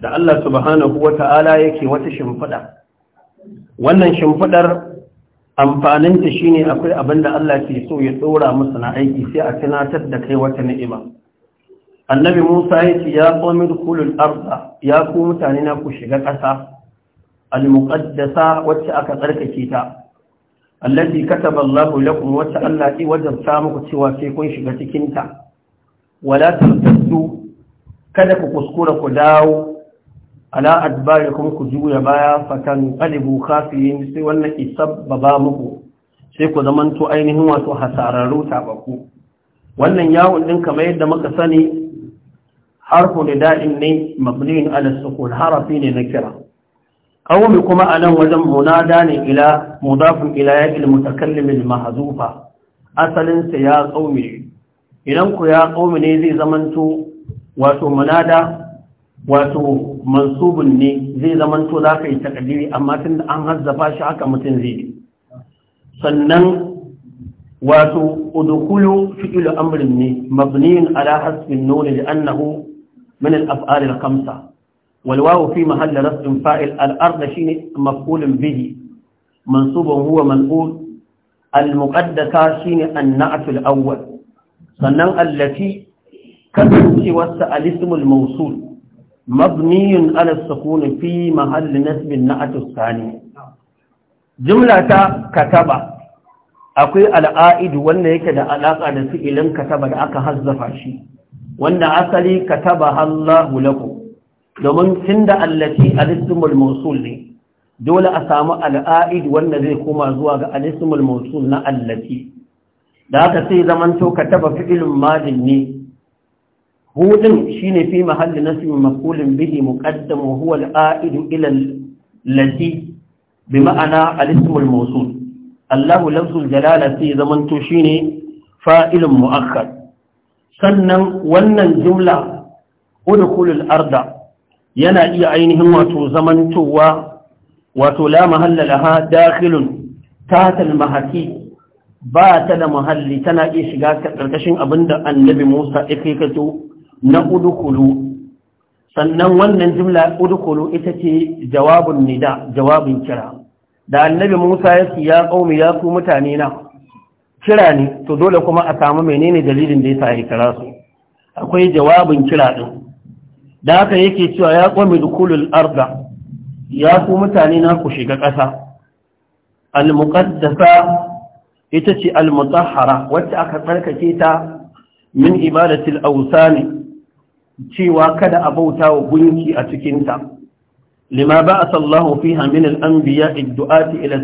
da Allah subhanahu wata'ala yake wata shimfida wannan shimfidar amfaninta shine akwai abin da Allah ke so ya tsora musu na aiki sai a tunatar da kai wata ni'ima annabi musa ya ce ya qawmi dukhulul arda ya ku mutane na ku shiga ƙasa al-muqaddasa wacce aka tsarkake ta allati kataba Allahu lakum wacce Allah ya wajabta muku cewa sai kun shiga cikin ta wala tartaddu kada ku kuskura ku dawo ala adbarikum ku juya baya fakan qalibu khafiyin sai wannan isabbaba muku sai ku zamanto ainihin wato hasararru tabaku wannan yawon din kamar yadda muka sani harfu nida'in ne mabniin ala sukun harafi ne na kira qawmi kuma anan wajen munada ne ila mudafun ila ya'il mutakallim al mahzufa asalin sa ya qawmi idan ku ya qawmi ne zai zamanto wato munada wato mansubun ne zai zamanto za ka yi takadiri amma tun da an hazzafa shi haka mutum zai sannan wato udukulu fi'ilu amrin ne mabniyin ala hasbin nuni da annahu من الأفعال الخمسة والواو في محل رفع فاعل الأرض شين مفعول به منصوب هو منقول المقدسة شين النعت الأول صنع التي كتبت وسع الاسم الموصول مبني على السكون في محل نسب النعت الثاني جملة كتبة akwai al'a'idu wanda yake da alaƙa da fi'ilin kataba da aka hazzafa shi wanda asali kataba Allahu lakum domin tunda allati al-ismul mawsul ne dole a samu al'aid wanda zai koma zuwa ga al-ismul mawsul na allati da haka sai zaman to kataba fi'ilun madin ne hudin shine fi mahalli nasb maf'ulin bihi muqaddam wa huwa al-aid ila allati bi ma'ana al-ismul mawsul Allahu lafzul jalala sai zaman to shine fa'ilun mu'akkar sannan wannan jumla udkhulul arda yana iya ainihin wato zamantowa wato la mahalla ha dakhilun tatal mahaki ba ta da mahalli tana iya shiga karkashin abinda annabi Musa ya kaito na udukulu sannan wannan jumla udukulu ita ce jawabun nida jawabin kira da annabi Musa ya ce ya qaumi ya ku mutane na kira ne to dole kuma a samu menene dalilin da yasa ya kira su akwai jawabin kira din da haka yake cewa ya qami dukulul arda ya ku mutane na ku shiga ƙasa al-muqaddasa ita ce al-mutahhara wacce aka tsarkake ta min ibadatil awsani cewa kada a bauta wa gunki a cikinta lima ba a sallahu fi hamin al'ambiya iddu'ati ila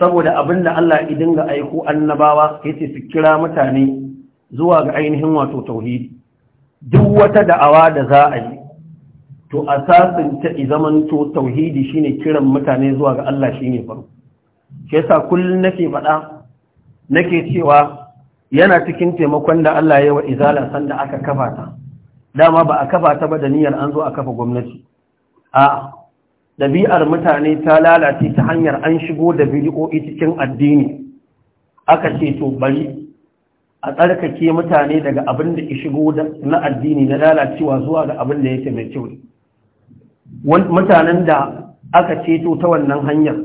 saboda abin da Allah ya dinga aiko annabawa ya ce su kira mutane zuwa ga ainihin wato tauhidi duk wata da'awa da za a yi to asasin ta zaman to tauhidi shine kiran mutane zuwa ga Allah shine farko ke sa kullun nake faɗa nake cewa yana cikin taimakon da Allah ya wa izala sanda aka kafa ta dama ba a kafa ta ba da niyyar an zo a kafa gwamnati a ɗabi'ar mutane ta lalace ta hanyar an shigo da bidiyo'i cikin addini aka ce to bari a tsarkake mutane daga abin da shigo na addini na lalacewa zuwa ga abin da yake mai kyau mutanen da aka ceto ta wannan hanyar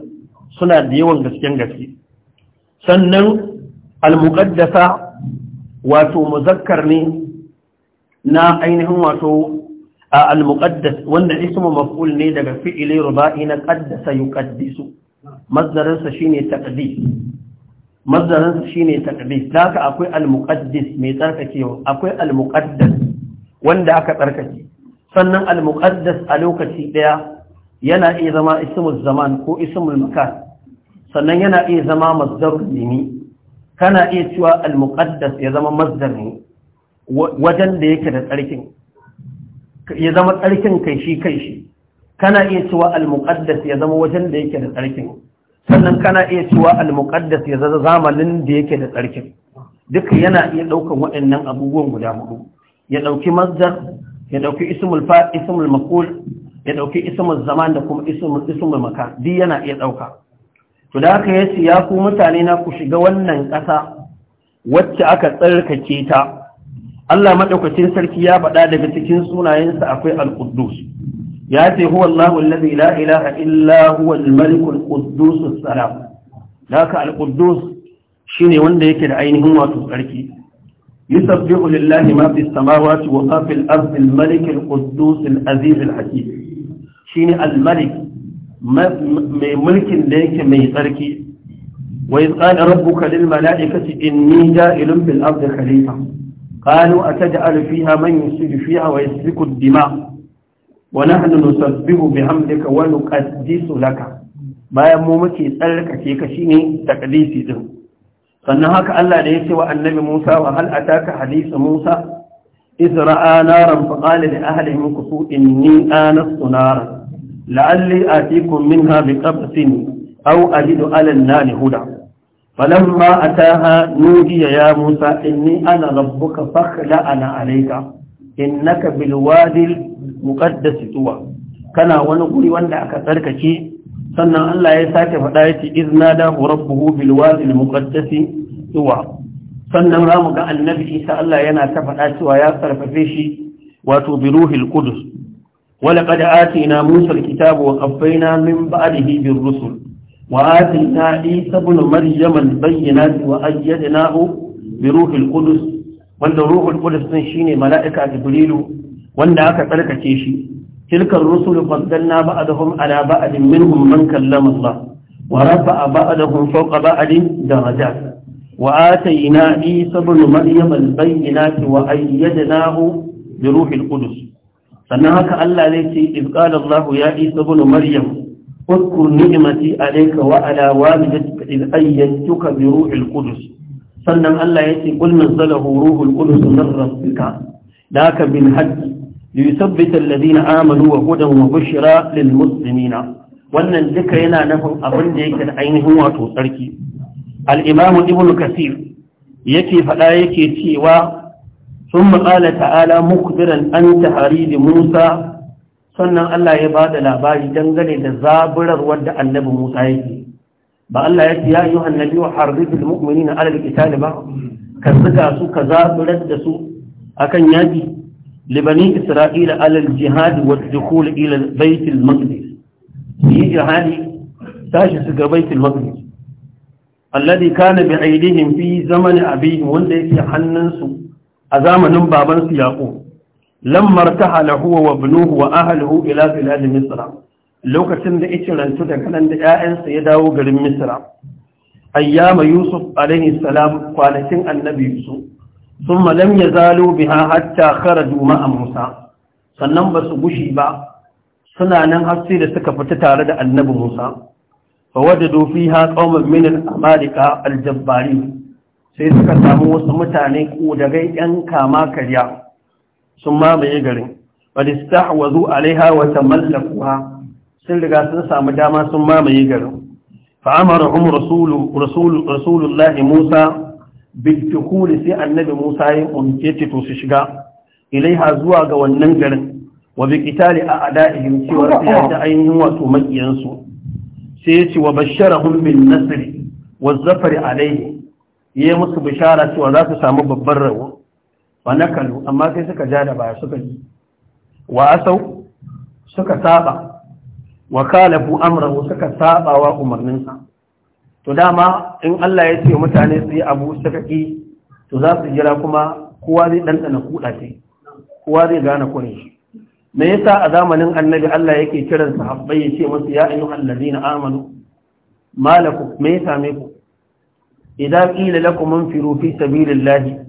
suna da yawan gasken gaske sannan almuqaddasa wato muzakkar ne na ainihin wato A المقدس wanda اسم مفعول ne daga fi'ili ruba'i na qaddasa yuqaddisu mazdarin sa shine taqdis mazdarin sa shine taqdis daga akwai al-muqaddis mai tsarkakewa akwai al-muqaddas wanda aka tsarkake sannan al-muqaddas a lokaci daya yana iya zama ismul zaman ko ismul makan sannan yana iya zama mazdarul limi kana iya cewa al-muqaddas ya zama mazdar ne wajen da yake da tsarkin ya zama tsarkin kai shi kai shi kana iya cewa al-muqaddas ya zama wajen da yake da tsarkin sannan kana iya cewa al-muqaddas ya zama zamanin da yake da tsarkin duka yana iya daukan waɗannan abubuwan guda hudu ya dauki masdar ya dauki ismul fa ismul maqul ya dauki ismul zaman da kuma ismul ismul makan duk yana iya dauka to da haka yace ya ku mutane na ku shiga wannan ƙasa wacce aka tsarkake ta Allah madaukakin sarki ya faɗa daga cikin sunayensa akwai al-Quddus ya ce huwa Allahu allazi la ilaha illa huwa al-Malik al-Quddus as-Salam laka al-Quddus shine wanda yake da ainihin wato sarki yusabbihu lillahi ma fi samawati wa ma fi al-ardi al-Malik al-Quddus al-Aziz al-Hakim shine al-Malik mai mulkin da yake mai tsarki wa iz qala rabbuka lil mala'ikati inni ja'ilun bil ardi khalifa قالوا أتجعل فيها من يسجد فيها ويسفك الدماء ونحن نسبه بحمدك ونقدس لك bayan mu muke tsarkake ka shine takdisi din sannan haka Allah da ya ce wa annabi Musa wa hal ataka hadisi Musa izra'a da fa qala li ahlihi kusu inni anastu naran la'alli atikum minha biqabsin aw ajidu 'ala an-nari huda falamma ataha nudiya ya musa inni ana rabbuka fakhla ana alayka innaka bil wadil muqaddas tuwa kana wani guri wanda aka tsarkake sannan Allah ya sake faɗa yace iznada rabbuhu bil wadil muqaddas tuwa sannan ramu ga annabi Isa Allah yana ta faɗa cewa ya sarfafe shi wato bi ruhil qudus ولقد آتينا موسى الكتاب وقفينا من بعده بالرسل وآتينا عيسى ابن مريم البينات وأيدناه بروح القدس wanda ruhul qudus din shine malaika jibril wanda aka tsarkace shi tilkar rusul faddalna ba'dahum ala ba'din minhum man kallama Allah wa rafa'a ba'dahum fawqa ba'din darajat wa atayna isa ibn maryam al-bayyinat wa ayyadnahu bi ruhil qudus sannan haka Allah ya ce iz qala ya isa ibn maryam اذكر نعمتي عليك وعلى والدتك إذ أيدتك بروح القدس سنم الله يأتي قل نزله روح القدس من ربك ذاك بالحج ليثبت الذين آمنوا وهدى وبشرى للمسلمين wannan duka yana nufin abin da yake da ainihin wato tsarki al'imamu ibn kasir yake faɗa yake cewa sun maƙala ta'ala mukbiran an musa sannan Allah ya ba da labari dangane da zaburar wadda annabi Musa yake ba Allah ya ce ya yi annabi wa harbitul mu'minina ala alqital ba ka zuga su ka zaburar da su akan yaji libani isra'ila ala aljihad wa dukhul ila yi jihadi tashi su ga bayt almaqdis alladhi kana bi aidihim fi zaman abihim wanda yake hannunsu a zamanin babansu yaqub lamma irtahala huwa wa ibnuhu wa ahlihi ila bilad misra lokacin da yake rantu da kanan da 'ya'yansa ya dawo garin misra ayyama yusuf alaihi salam kwanakin annabi yusuf thumma lam yazalu biha hatta kharaju ma'a musa sannan ba su gushi ba suna nan har sai da suka fita tare da annabi musa fa wajadu fiha qauman min al-amalika al-jabbarin sai suka samu wasu mutane ko daga yan kama karya sun mamaye garin wadista wazu alaiha wata mallakuwa sun riga sun samu dama sun mamaye garin fa'amara rasulullahi musa bidukuli sai annabi musa ya yi to su shiga ilaiha zuwa ga wannan garin wa bi qitali a ada'ihim cewa sai ainihin wato makiyansu sai yace wa basharahum bin nasiri. wa zafar alaihi yayi musu bishara cewa za su samu babban rabo wa nakalu amma sai suka ja da baya suka yi wa asau suka saba wa kalafu amrahu suka saba wa umarninsa to dama in Allah ya ce mutane su yi abu suka ki to za su jira kuma kowa zai ɗanɗana kuɗa ce kowa zai gane kure shi me yasa a zamanin annabi Allah yake kiran sahabbai ya ce musu ya ayyuhal allazina amanu malaku me ya same ku idan qila lakum munfiru fi sabilillahi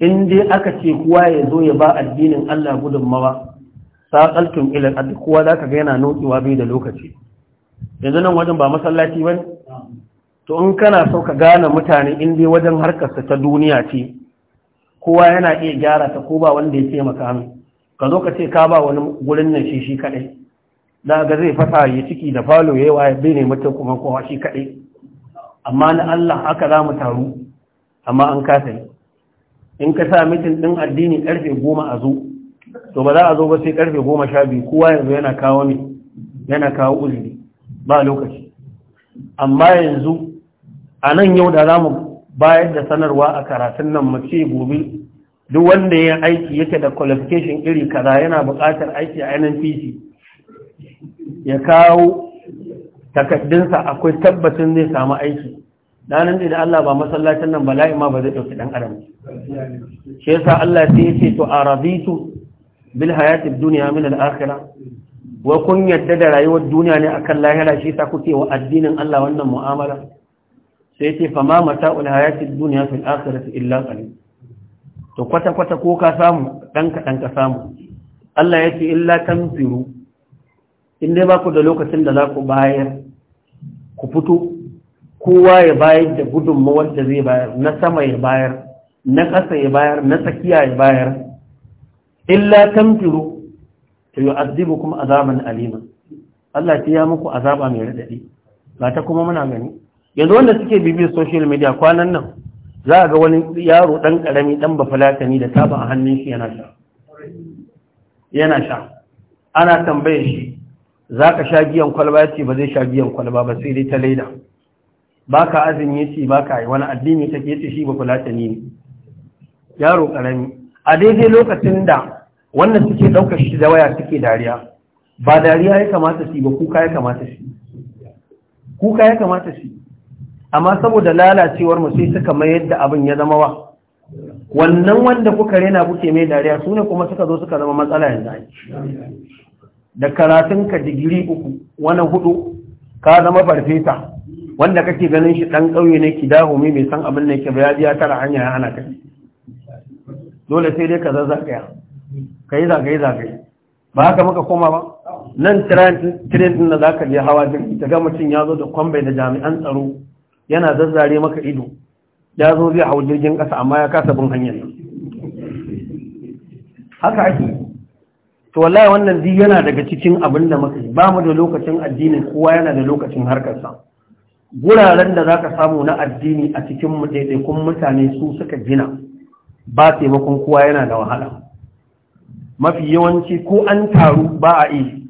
in dai aka ce kowa ya zo ya ba addinin Allah gudunmawa saƙaltun ilal addu kowa za ka ga yana nokewa bai da lokaci yanzu nan wajen ba masallaci ba to in kana so ka gane mutane in dai wajen harkarsa ta duniya ce kowa yana iya gyara ta ko ba wanda ya taimaka hannu. ka zo ka ce ka ba wani gurin nan shi shi kaɗai da ga zai fasa ya ciki da falo ya yawa bai ne mutum kuma kowa shi kaɗai amma na Allah haka za mu taru amma an kasa yi in ka sa mitin ɗin addini karfe goma a zo to ba za a zo ba sai karfe goma sha biyu kowa yanzu yana kawo ne yana kawo uzuri ba lokaci amma yanzu a nan yau da za mu bayar da sanarwa a karatun nan mu ce gobe duk wanda ya aiki yake da qualification iri kaza yana buƙatar aiki a NNPC ya kawo takaddunsa akwai tabbacin zai samu aiki ranar da Allah ba masallacin nan bala'i ma ba zai ɗauki ɗan adam shi yasa Allah sai ya ce to a rabitu bil hayatid duniya min al akhira? wa kun yadda da rayuwar duniya ne akan lahira shi yasa kuke wa addinin Allah wannan mu'amala sai ce fa ma mata'ul hayatid dunya fil akhirati illa qalil to kwata kwata ko ka samu dan ka dan ka samu Allah ya ce illa tanfiru in dai ba ku da lokacin da za ku bayar ku fito kowa ya bayar da gudunmawar da zai bayar na sama ya bayar na ƙasa ya bayar na tsakiya ya bayar illa tamtiru to yu'azzibu kuma azaban alima Allah ya muku azaba mai raɗaɗi ba ta kuma muna gani yanzu wanda suke bibi social media kwanan nan za a ga wani yaro ɗan ɗan karami dan bafalatani da taba a hannun shi yana sha yana sha ana tambayar shi za ka sha giyan kwalba ce ba zai sha giyan kwalba ba sai dai ta laida. Ba ya azumi ba ka yi wani addini ke ce shi ba kula fulatani ne yaro karami a daidai lokacin da wannan suke daukar shi da waya suke dariya ba dariya ya kamata shi ba kuka ya kamata shi kuka ya kamata shi amma saboda lalacewar mu sai suka mayar da abin ya zama wa wannan wanda kuka rena kuke mai dariya su ne kuma suka zo suka zama matsala yanzu da karatun ka digiri uku wani hudu ka zama farfesa wanda kake ganin shi ɗan ƙauye ne ki mai san abin da yake ba ya tara hanya ya hana kai dole sai dai ka zazzagaya ka yi zagaye zagaye ba haka muka koma ba nan trend din da za ka je hawa din ta ga mutun ya zo da kwambe da jami'an tsaro yana zazzare maka ido ya zo zai hau jirgin ƙasa amma ya kasa bin hanyar haka ake to wallahi wannan din yana daga cikin abin da muka ba mu da lokacin addinin kowa yana da lokacin harkarsa guraren da za ka samu na addini a cikin ɗaiɗaikun mutane su suka gina ba taimakon kowa yana da wahala mafi yawanci ko an taru ba a yi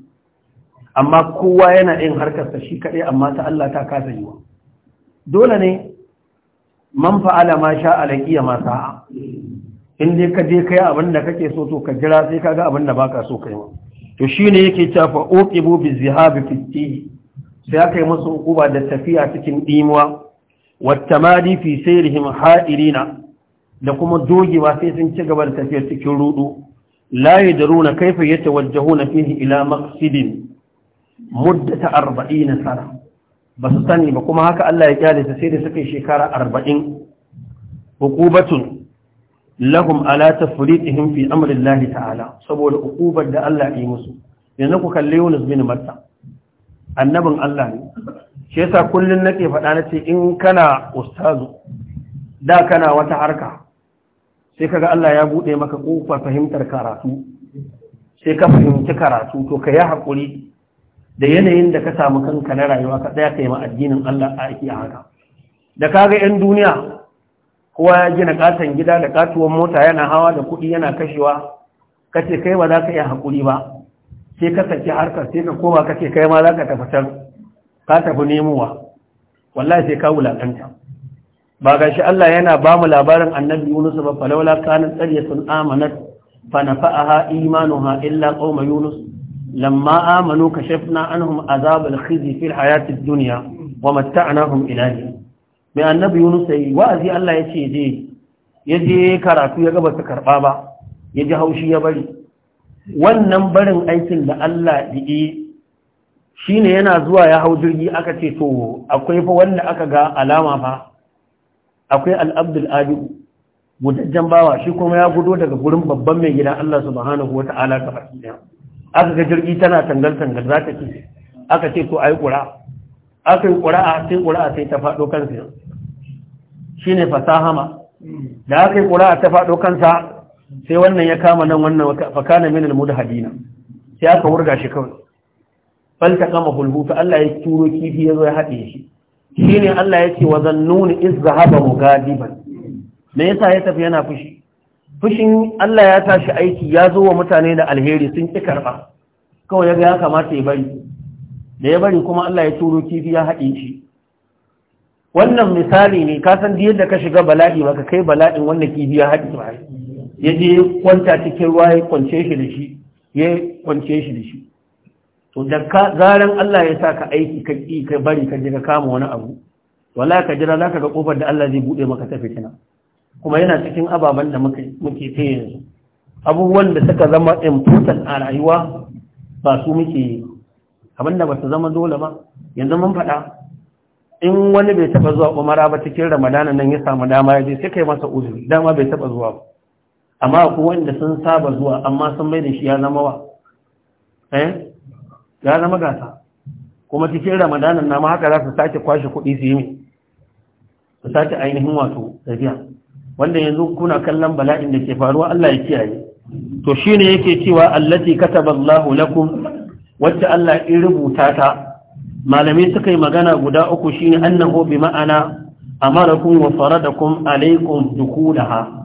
amma kowa yana yin harkarsa shi kaɗai amma ta Allah ta kasa yi wa dole ne man fa'ala ma sha alaƙiya ma sa'a in dai ka je kai abin da kake so to ka jira sai ka ga abin da baka so kai ma to shine yake cafa fa uqibu bi zihabi sai aka yi musu hukuba da tafiya cikin dimuwa wattamadi fi sayrihim ha'irina da kuma dogewa sai sun ci gaba da tafiyar cikin rudu la yadruna kayfa na fihi ila maqsidin muddata 40 sana ba su sani ba kuma haka Allah ya kyale su sai da suka yi shekara arba'in. hukubatun lahum ala tafriqihim fi amri ta'ala saboda hukubar da Allah ya yi musu yanzu ku kalle Yunus bin Matta annabin Allah ne shi yasa kullun nake faɗa na ce in kana ustazu da kana wata harka sai kaga Allah ya buɗe maka kofar fahimtar karatu sai ka fahimci karatu to ka yi haƙuri da yanayin da ka samu kanka na rayuwa ka tsaya ka yi addinin Allah a aiki a haka da kaga 'yan duniya kowa ya gina katon gida da katuwan mota yana hawa da kuɗi yana kashewa kace kai ba za ka iya hakuri ba sai ka saki harkar sai ka koma kake kai ma za ka tafi ka tafi nemowa wallahi sai ka wulakanta ba ga shi Allah yana ba mu labarin annabi Yunus ba falawla kanat qaryatun amanat fa nafa'aha imanuha illa qauma Yunus lamma amanu kashafna anhum azab al-khizy fi al-hayat ad-dunya wa matta'nahum ila mai annabi Yunus sai wa'azi Allah ya ce je ya je karatu ya gaba su karba ba ya ji haushi ya bari wannan barin aikin da Allah yi shi ne yana zuwa ya hau jirgi aka ce to akwai fa wanda aka ga alama fa akwai al'abdul abu gudajen bawa shi kuma ya gudo daga gurin babban mai gida Allah subhanahu wa ta'ala ta baki aka ga jirgi tana tangar-tangar za ta ce aka ce to a yi ƙura aka yi a sai a sai ta faɗo kansa shi ne fasahama da aka yi a ta faɗo kansa sai wannan ya kama nan wannan fakana minal almudhadina sai aka wurga shi kawai ta kama hulhuta Allah ya turo kifi ya ya hade shi shine Allah ya wa zannuni iz zahaba mugadiban me yasa ya tafi yana fushi fushin Allah ya tashi aiki ya zo wa mutane da alheri sun ki karba kawai yaga ya kamata ya bari da ya bari kuma Allah ya turo kifi ya hade shi wannan misali ne ka san yadda ka shiga bala'i baka kai bala'in wannan kifi ya hade ba ya je kwanta cikin ruwa ya kwance shi da shi ya kwance shi da shi to da zaran Allah ya sa ka aiki ka ƙi ka bari ka je ka kama wani abu wala ka jira za ka ga kofar da Allah zai buɗe maka ta fitina kuma yana cikin ababen da muke ta yanzu abubuwan da suka zama important a rayuwa ba su muke yi abin da ba su zama dole ba yanzu mun faɗa in wani bai taɓa zuwa umara ba cikin ramadana nan ya samu dama ya je sai kai masa uzuri dama bai taɓa zuwa ba amma ku wanda sun saba zuwa amma sun mai da shi ya zama wa eh ya zama gasa kuma cikin ramadanan na ma haka za su sake kwashe kuɗi su yi mi su sake ainihin wato tafiya wanda yanzu kuna kallon bala'in da ke faruwa Allah ya kiyaye to shine yake cewa allati kataballahu lakum wacce Allah in rubuta ta malamai suka yi magana guda uku shine annahu bi ma'ana amarakum wa faradakum alaikum dukulaha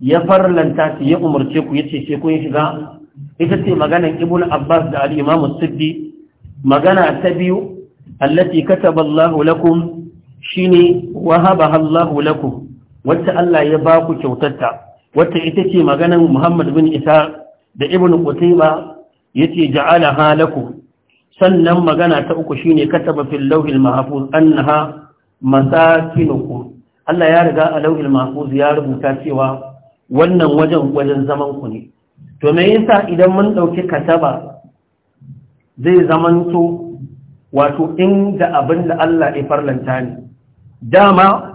ya farlanta su ya umarce ku ce, sai kun shiga ita ce maganan ibnu abbas da al siddi magana ta biyu allati kataba Allah lakum shine wahaba Allah lakum wacce Allah ya ba ku kyautarta wacce ita ce maganar Muhammad bin Isa da Ibn Qutayba yace ja'alaha lakum sannan magana ta uku shine kataba fil lawhil mahfuz annaha masakinukum Allah ya riga a lawhil mahfuz ya rubuta cewa wannan wajen wajen zaman ku ne to me yasa idan mun dauki kataba zai to wato inda abin da Allah ya farlanta ne dama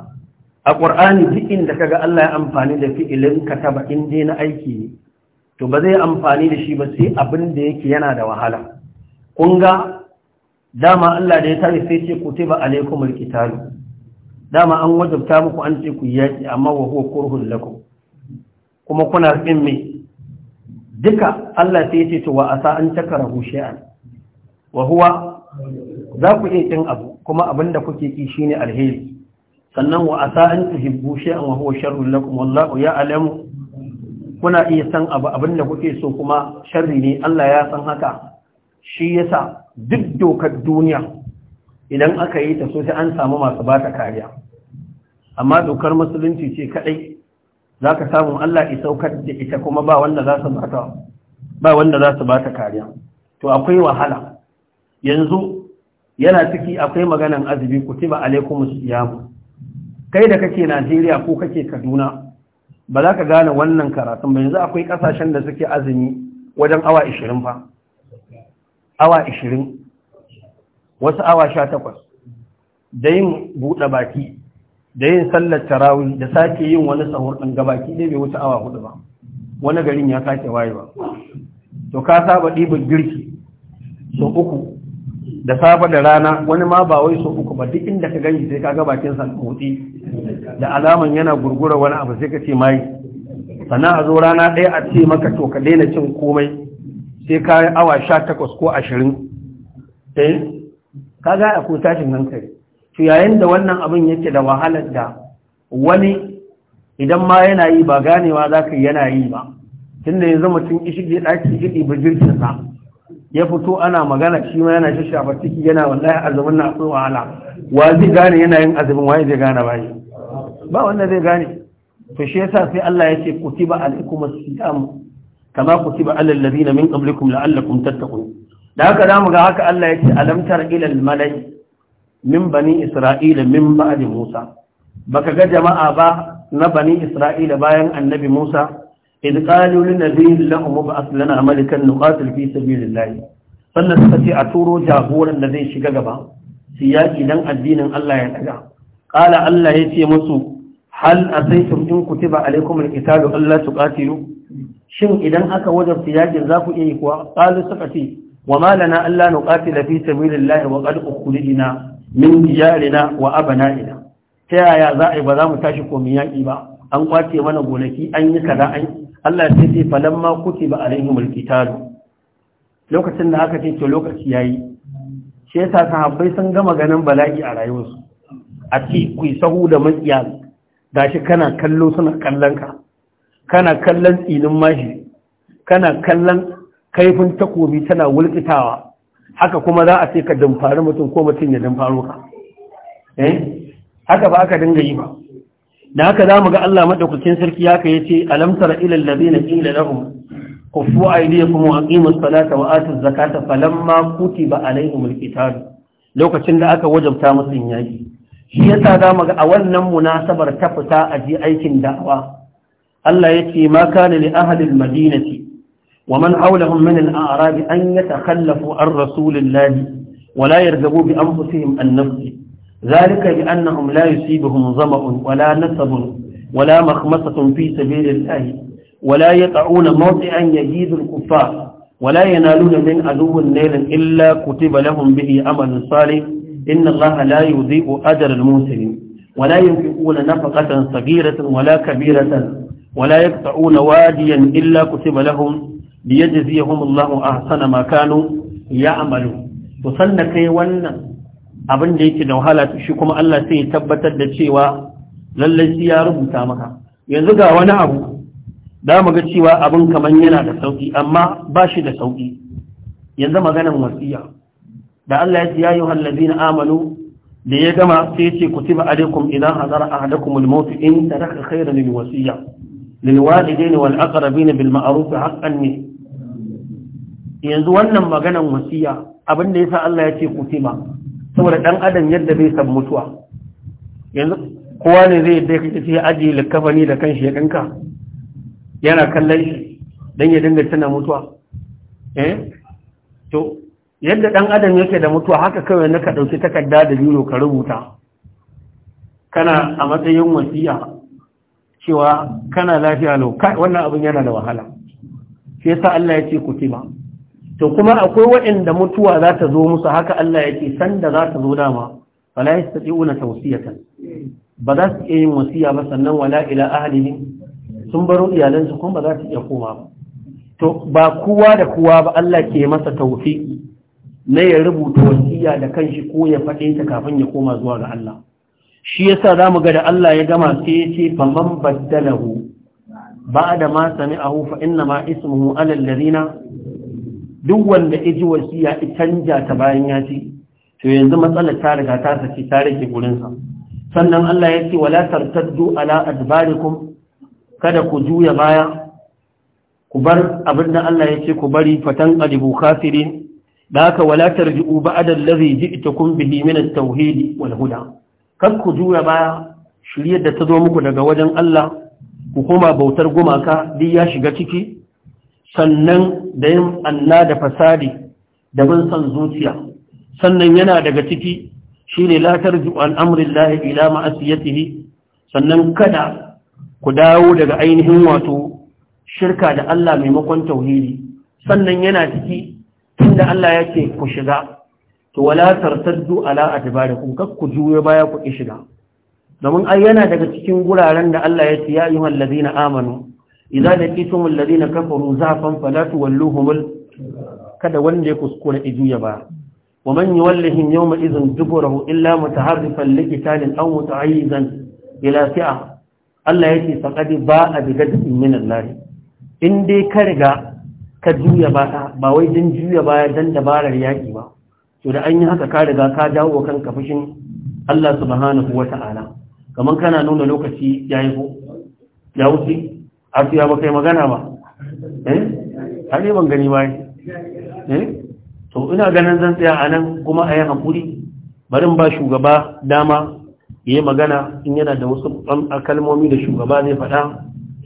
a ƙur'ani duk inda kaga Allah ya amfani da fi'ilin kataba dai na aiki ne to ba zai amfani da shi ba sai abin da yake yana da wahala kun dama Allah da ya tare sai ce ku kutiba alaikumul qitalu dama an wajabta muku an ce ku yaki amma wa huwa kurhul lakum kuma kuna bin mai duka Allah sai ya ce wa a an cakar shay'an wa huwa za ku iya kin abu kuma abin da kuke ki ne alheri sannan wa a an tuhibbu shay'an wa huwa sharrun lakum wallahu alamu kuna iya san abu abin da kuke so kuma sharri ne Allah ya san haka shi ya sa duk dokar duniya idan aka yi ta sosai an samu masu ba ta kariya amma dokar musulunci ce kadai za ka samu Allah ya saukar da ita kuma ba wanda za su bata ba wanda za su bata kariya to akwai wahala yanzu yana ciki akwai maganan azumi tiba alaikumus siyam kai da kake Najeriya ko kake Kaduna ba za ka gane wannan karatun ba yanzu akwai kasashen da suke azumi wajen awa 20 fa awa 20 wasu awa 18 da yin buɗe baki da yin sallar tarawih da sake yin wani sahur ɗin gabaki ne bai wuce awa hudu ba wani garin ya sake wayewa to ka saba ɗiban girki sau uku da safa da rana wani ma ba wai sau uku ba duk inda ka gani sai ka ga bakin sa motsi da alaman yana gurgura wani abu sai ka ce mai sannan a zo rana ɗaya a ce maka to ka daina cin komai sai ka yi awa sha takwas ko ashirin eh ka ga akwai tashin hankali to yayin da wannan abin yake da wahalar da wani idan ma yana yi ba ganewa za ka yana yi ba tun da yanzu mutum ishige ɗaki shiɗi bijirkinsa ya fito ana magana shi ma yana shashafa ciki yana wallahi azumin na akwai wahala wa zai gane yana yin azumin waye zai gane ba ba wanda zai gane to shi yasa sai Allah ya ce kutiba alaikum as-siyam kama kutiba alal ladina min qablikum la'allakum tattaqun da haka zamu ga haka Allah ya ce alam tar ila al-malai min bani isra'ila min ba'di musa baka ga jama'a ba na bani isra'ila bayan annabi musa idh qalu lin nabiyyin lahum ba'ath lana malikan nuqatil fi sabilillah sannan suka ce a turo jagoran da zai shiga gaba siyaki dan addinin Allah ya daga qala Allah ya yace musu hal asaytum in kutiba alaykum alqitalu alla tuqatilu shin idan aka wajabta yakin za ku iya yi kuwa qalu suka ce wa ma lana alla nuqatila fi sabilillah wa qad ukhrijna min diyarina wa abana'ina ta yaya za a yi ba za mu tashi komi yaƙi ba an kwace mana gonaki an yi kaza an Allah sai ce kuti kutiba alaihimul qitalu lokacin da aka ce to lokaci yayi shi yasa sahabbai sun gama ganin bala'i a rayuwarsu a ce ku sahu da matsiya gashi kana kallo suna kallon ka kana kallon tsinin mashi kana kallon kaifin takobi tana wulkitawa haka kuma za a ce ka damfari mutum ko mutum ya damfaro ka eh? haka ba aka dinga yi ba da haka za mu ga Allah madaukakin sarki haka ya ce alamtar ilal ladina qila lahum kufu aydiyakum wa aqimus salata wa atuz zakata falamma kutiba alaihimul qital lokacin da aka wajabta musu yin shi yasa za mu ga a wannan munasabar ta fita a ji aikin da'awa Allah ya ce ma kana li ahli madinati ومن حولهم من الأعراب أن يتخلفوا عن رسول الله ولا يرغبوا بأنفسهم النفس ذلك بأنهم لا يصيبهم ظمأ ولا نسب ولا مخمصة في سبيل الله ولا يقعون موطئا يجيد الكفار ولا ينالون من عدو نيلا إلا كتب لهم به عمل صالح إن الله لا يضيء أجر المسلم ولا ينفقون نفقة صغيرة ولا كبيرة ولا يقطعون واديا إلا كتب لهم liyajziyahum Allahu ahsana ma kanu ya'malu to sanna kai wannan abin da yake da wahala shi kuma Allah sai ya tabbatar da cewa lallai shi ya rubuta maka yanzu ga wani abu da mu ga cewa abin kaman yana da sauki amma ba shi da sauki yanzu maganar wasiya da Allah ya ce ya ayyuhal ladina amanu da ya gama sai ce kutiba alaikum idan hadara ahadakum al-maut in taraka khayran lil wasiya lil walidayni wal aqrabin bil ma'ruf haqqan yanzu wannan maganan wasiya abin da yasa Allah ya ce kutima saboda dan adam yadda bai san mutuwa yanzu kowa ne zai yadda ya ce aji likafani da shi ya kanka yana kallon shi dan ya dinga tana mutuwa eh to yadda dan adam yake da mutuwa haka kawai naka dauki takarda da biro ka rubuta kana a matsayin wasiya cewa kana lafiya lau wannan abin yana da wahala sai sa Allah ya ce kutima to kuma akwai waɗanda mutuwa za ta zo musu haka Allah yake sanda za ta zo dama wala yastati'una tawsiyatan ba za su iya yin wasiya ba sannan wala ila ahlihim sun baro iyalansu kuma ba za su iya koma ba to ba kowa da kowa ba Allah ke masa tawfiki na ya rubuta wasiya da kanshi ko ya faɗe ta kafin ya koma zuwa ga Allah shi yasa zamu ga da Allah ya gama sai ya ce faman baddalahu ba'da ma sami'ahu fa inna ma ismuhu alal ladina duk wanda ya ji ya canja ta bayan ya ci to yanzu matsalar ta riga ta saki ta rage gurinsa sannan Allah ya ce wala tartaddu ala adbarikum kada ku juya baya ku bar abin da Allah ya ce ku bari fatan qalibu kafirin da haka wala tarji'u ba'da allazi ji'tukum bihi min at-tauhid wal huda kar ku juya baya shiryar da ta zo muku daga wajen Allah ku koma bautar gumaka duk ya shiga ciki sannan da yin anna da fasadi da bin san zuciya sannan yana daga ciki shine la tarju an lahi ila ma'asiyatihi sannan kada ku dawo daga ainihin wato shirka da Allah maimakon tauhidi sannan yana ciki tunda Allah yake ku shiga to wala tartaddu ala adbarikum kak ku juye baya ku shiga domin ai yana daga cikin guraren da Allah ya ce ya ayyuhal ladina amanu Iza idza laqitum alladhina kafaru zafan fala tuwalluhum kada wanda ya kuskure ijuya ba wa man yuwallihim yawma idhin duburahu illa mutaharrifan liqitalin aw muta'ayyizan ila fi'a Allah yake faqad ba'a bi gadin min Allah in dai ka riga ka juya ba ba wai din juya baya dan dabarar yaki ba to da an yi haka ka riga ka dawo kan fushin Allah subhanahu wata'ala kaman kana nuna lokaci yayi ya wuce asiya ba kai magana ba eh hali ban gani ba eh to ina ganin zan tsaya a nan kuma a yi haƙuri barin ba shugaba dama yi magana in yana da wasu kalmomi da shugaba zai faɗa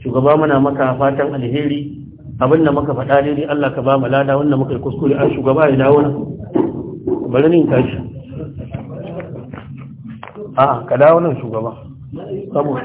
shugaba muna maka fatan alheri abin da maka faɗa daidai Allah ka ba mu lada wanda muka yi kuskure a shugaba ya dawo na bari ni tashi a ka dawo nan shugaba saboda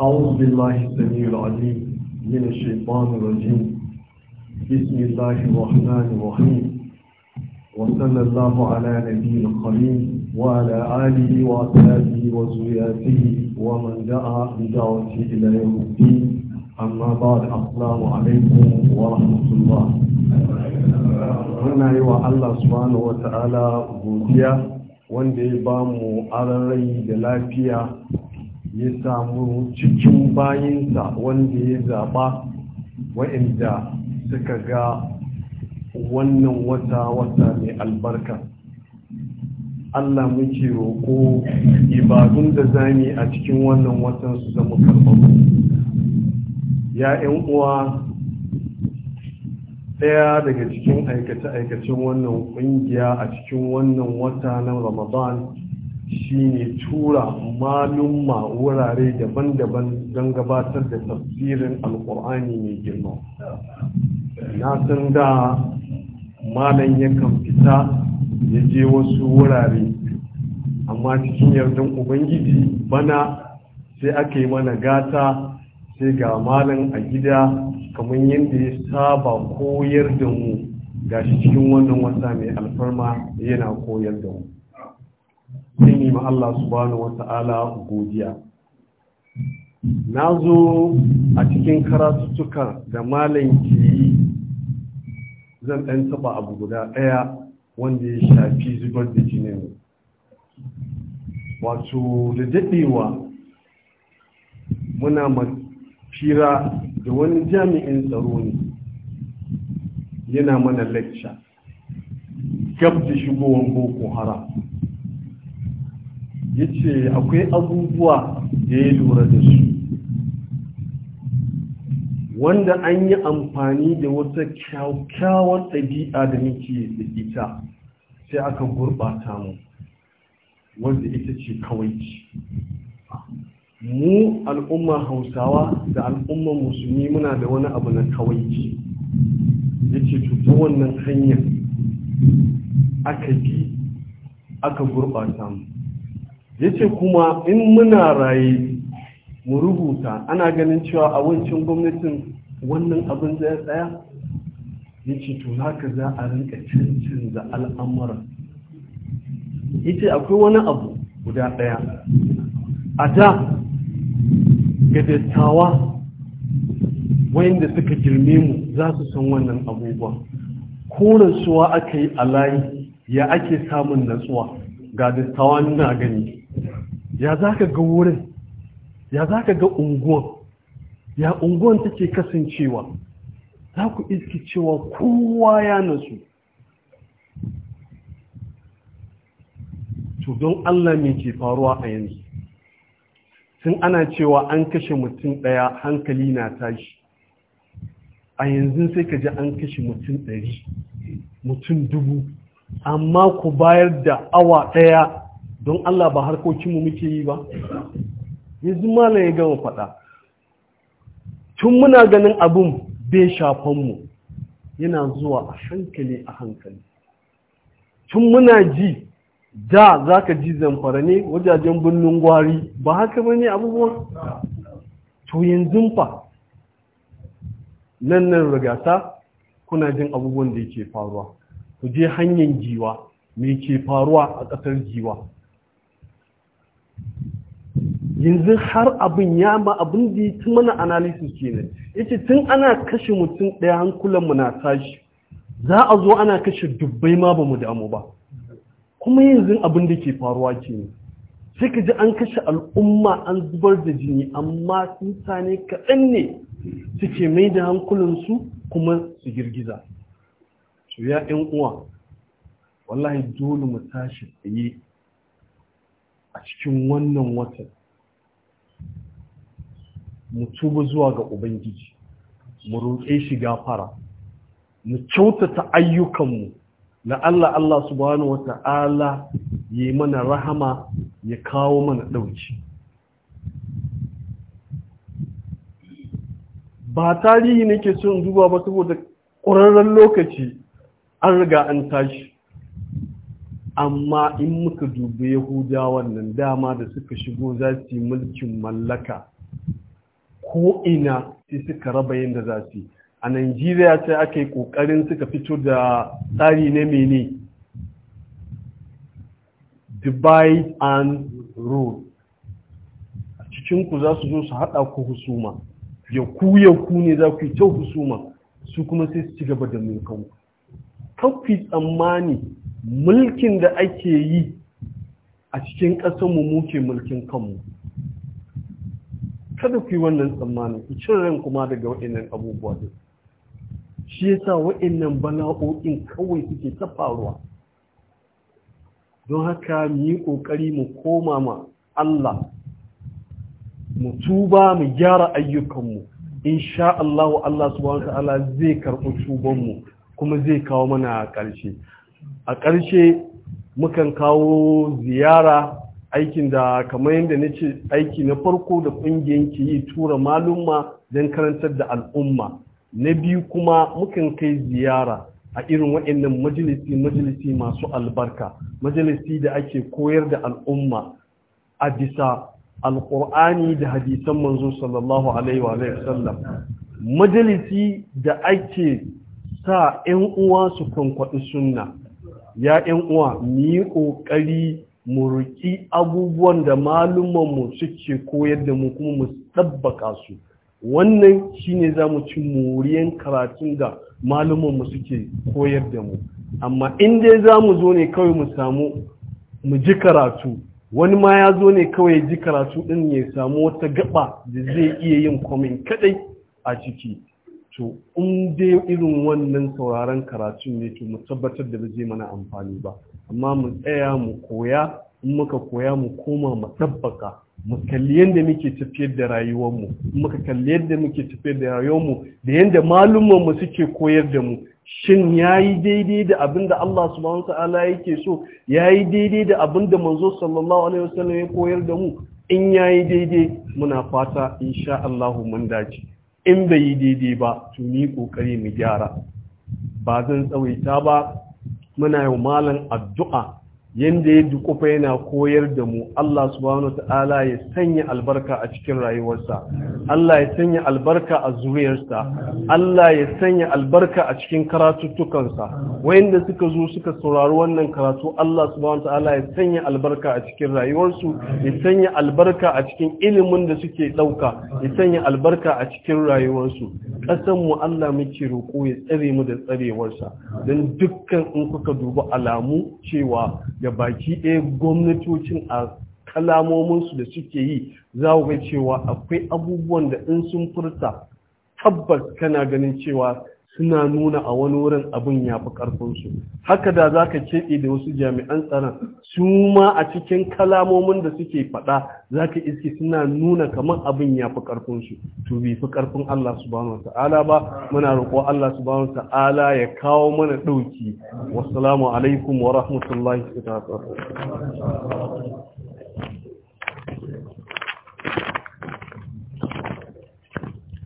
أعوذ بالله السميع العليم من الشيطان الرجيم بسم الله الرحمن الرحيم وصلى الله على نبي القريم وعلى آله وأصحابه وزوياته ومن دعا بدعوته إلى يوم الدين أما بعد السلام عليكم ورحمة الله هنا يوى الله سبحانه وتعالى بوديا wanda ya ba mu rai da lafiya ya samu cikin bayinsa wanda ya zaɓa wa'inda suka ga wannan wata wata mai albarka Allah muke roƙo ibadun da zami a cikin wannan watan su zama karɓar ya 'yan uwa ɗaya daga cikin aikace-aikacen wannan ƙungiya a cikin wannan wata na ramadan shine tura malumma wurare daban-daban don gabatar da tafsirin alkur'ani mai girma na san da malam yakan fita ya je wasu wurare amma cikin yardan ubangiji bana sai aka yi mana gata sai ga malam a gida kamar yadda ya saba koyar da mu ga shi cikin wannan wata mai alfarma yana koyar da mu sai yi ma Allah subhanahu wata'ala godiya na zo a cikin karatuttuka da malam ke yi zan ɗan taɓa abu guda ɗaya wanda ya shafi zubar da jinin wato da daɗewa muna fira da wani jami'in tsaro ne yana mana lecture gab da shigowar boko haram ya ce akwai abubuwa da ya lura da su wanda an yi amfani da wata kyakkyawar ɗabi'a da muke da ita sai aka gurɓata mu wanda ita ce kawai mu al'umma hausawa da al'ummar musulmi muna da wani abu na kawaici ya ce ta wannan hanya aka bi aka gurɓata mu ya ce kuma in muna raye mu rubuta ana ganin cewa a wancan gwamnatin wannan abin zai tsaya ya ce to haka za a rinka cancanza al'amura ya ce akwai wani abu guda ɗaya a ta. ga dattawa wayanda suka girme mu za su san wannan abubuwa korasuwa aka yi a layi ya ake samun natsuwa ga dattawa nuna gani ya za ka ga wurin ya za ka ga unguwan ya unguwan take kasancewa za ku iski cewa kowa ya nasu to don allah mai ke faruwa a yanzu sun ana cewa an kashe mutum ɗaya hankali na tashi a yanzu sai ka ji an kashe mutum ɗari mutum dubu amma ku bayar da awa ɗaya don Allah ba harkokinmu muke yi ba yanzu malam ya gama faɗa tun muna ganin abin bai shafanmu yana zuwa a hankali a hankali tun muna ji da za ka ji zamfara ne wajajen birnin gwari ba haka ba ne abubuwan to yanzu fa nan nan rigata kuna jin abubuwan da yake faruwa ku je hanyar giwa me ke faruwa a ƙasar giwa yanzu har abin ya ma abin da ya mana analysis kenan yace tun ana kashe mutum ɗaya hankulanmu na tashi za a zo ana kashe dubbai ma ba mu damu ba kuma yanzu abin da ke faruwa ke sai ka ji an kashe al'umma an zubar da jini amma sun mutane kaɗan ne suke mai da hankulansu kuma su girgiza su ya ‘yan uwa wallahi dole mu tashi tsaye a cikin wannan watan mu tuba zuwa ga ubangiji mu roƙe shi gafara mu kyautata ayyukanmu La'alla Allah Allah subhanahu ta'ala yi mana rahama ya kawo mana ɗauki. ba tarihi ne ke son duba ba saboda ƙwararren lokaci an riga an tashi amma in muka dubi yahudawan nan dama da suka shigo za su yi mulkin mallaka ko ina sai suka raba yadda za su yi a Najeriya sai aka yi ƙoƙarin suka fito da tsari na mene divide and rule a cikinku za su zo su haɗa ku husuma ya ku ya ku ne za ku yi ta husuma su kuma sai su ci gaba da ku kafi tsammani mulkin da ake yi a cikin ƙasarmu muke mulkin kanmu kada ku yi wannan tsammanin ku cin ranku kuma daga waɗannan abubuwa duk shi ya yasa wa'annan bala'o'in kawai suke ta faruwa don haka mu yi ƙoƙari mu koma ma Allah mu tuba mu gyara ayyukanmu sha Allah Allah subhanahu ta'ala zai karɓi tubanmu kuma zai kawo mana a ƙarshe a ƙarshe mukan kawo ziyara aikin da kamar yadda na ce aiki na farko da ƙungiyar ke yi tura malumma don karantar da al'umma na biyu kuma mukan kai ziyara a irin waɗannan majalisi majalisi masu albarka majalisi da ake koyar da al'umma a bisa alƙur'ani da hadisan manzo sallallahu alaihi wa sallam majalisi da ake sa 'yan uwa su kwankwaɗi sunna ya 'yan uwa mu yi ƙoƙari mu riƙi abubuwan da malumanmu suke koyar da mu kuma mu tabbaka su wannan shine za mu ci moriyan karatun da malumanmu suke koyar da mu amma in dai za mu zo ne kawai mu samu mu ji karatu wani ma ya zo ne kawai ji karatu din ya samu wata gaba da zai iya yin kwamin kadai a ciki to in irin wannan sauraron karatu ne to mu tabbatar da zai mana amfani ba amma mu tsaya mu koya in muka koya mu koma mu tabbaka. mu kalli yadda muke tafiyar da rayuwarmu muka kalli yadda muke tafiyar da rayuwarmu da yadda malumanmu suke koyar da mu shin yayi daidai da abin da Allah subhanahu ta'ala yake so yayi daidai da abin da manzo sallallahu alaihi wasallam ya koyar da mu in yayi daidai muna fata insha Allah mun dace in bai yi daidai ba to ni kokari mu gyara ba zan tsawaita ba muna yi malam addu'a yanda ya dukufa yana koyar da mu Allah subhanahu ta'ala ya sanya albarka a cikin rayuwarsa Allah ya sanya albarka a zuriyarsa Allah ya sanya albarka a cikin karatuttukansa wayanda suka zo suka saurari wannan karatu Allah subhanahu ta'ala ya sanya albarka a cikin rayuwarsu ya sanya albarka a cikin ilimin da suke dauka ya sanya albarka a cikin rayuwarsu kasan mu Allah muke roƙo ya tsare mu da tsarewarsa dan dukkan in kuka duba alamu cewa da baki ɗaya gwamnatocin a kalamominsu da suke yi za ga cewa akwai abubuwan da in sun furta tabbas kana ganin cewa suna nuna a wani wurin abin ya fi ƙarfinsu haka da za ka keɓe da wasu jami'an tsaron su ma a cikin kalamomin da suke faɗa za ka iske suna nuna kamar abin ya fi ƙarfinsu to bai fi ƙarfin Allah subhanahu ta'ala ba muna roƙo Allah subhanahu ta'ala ya kawo mana ɗauki wassalamu alaikum wa rahmatullahi wa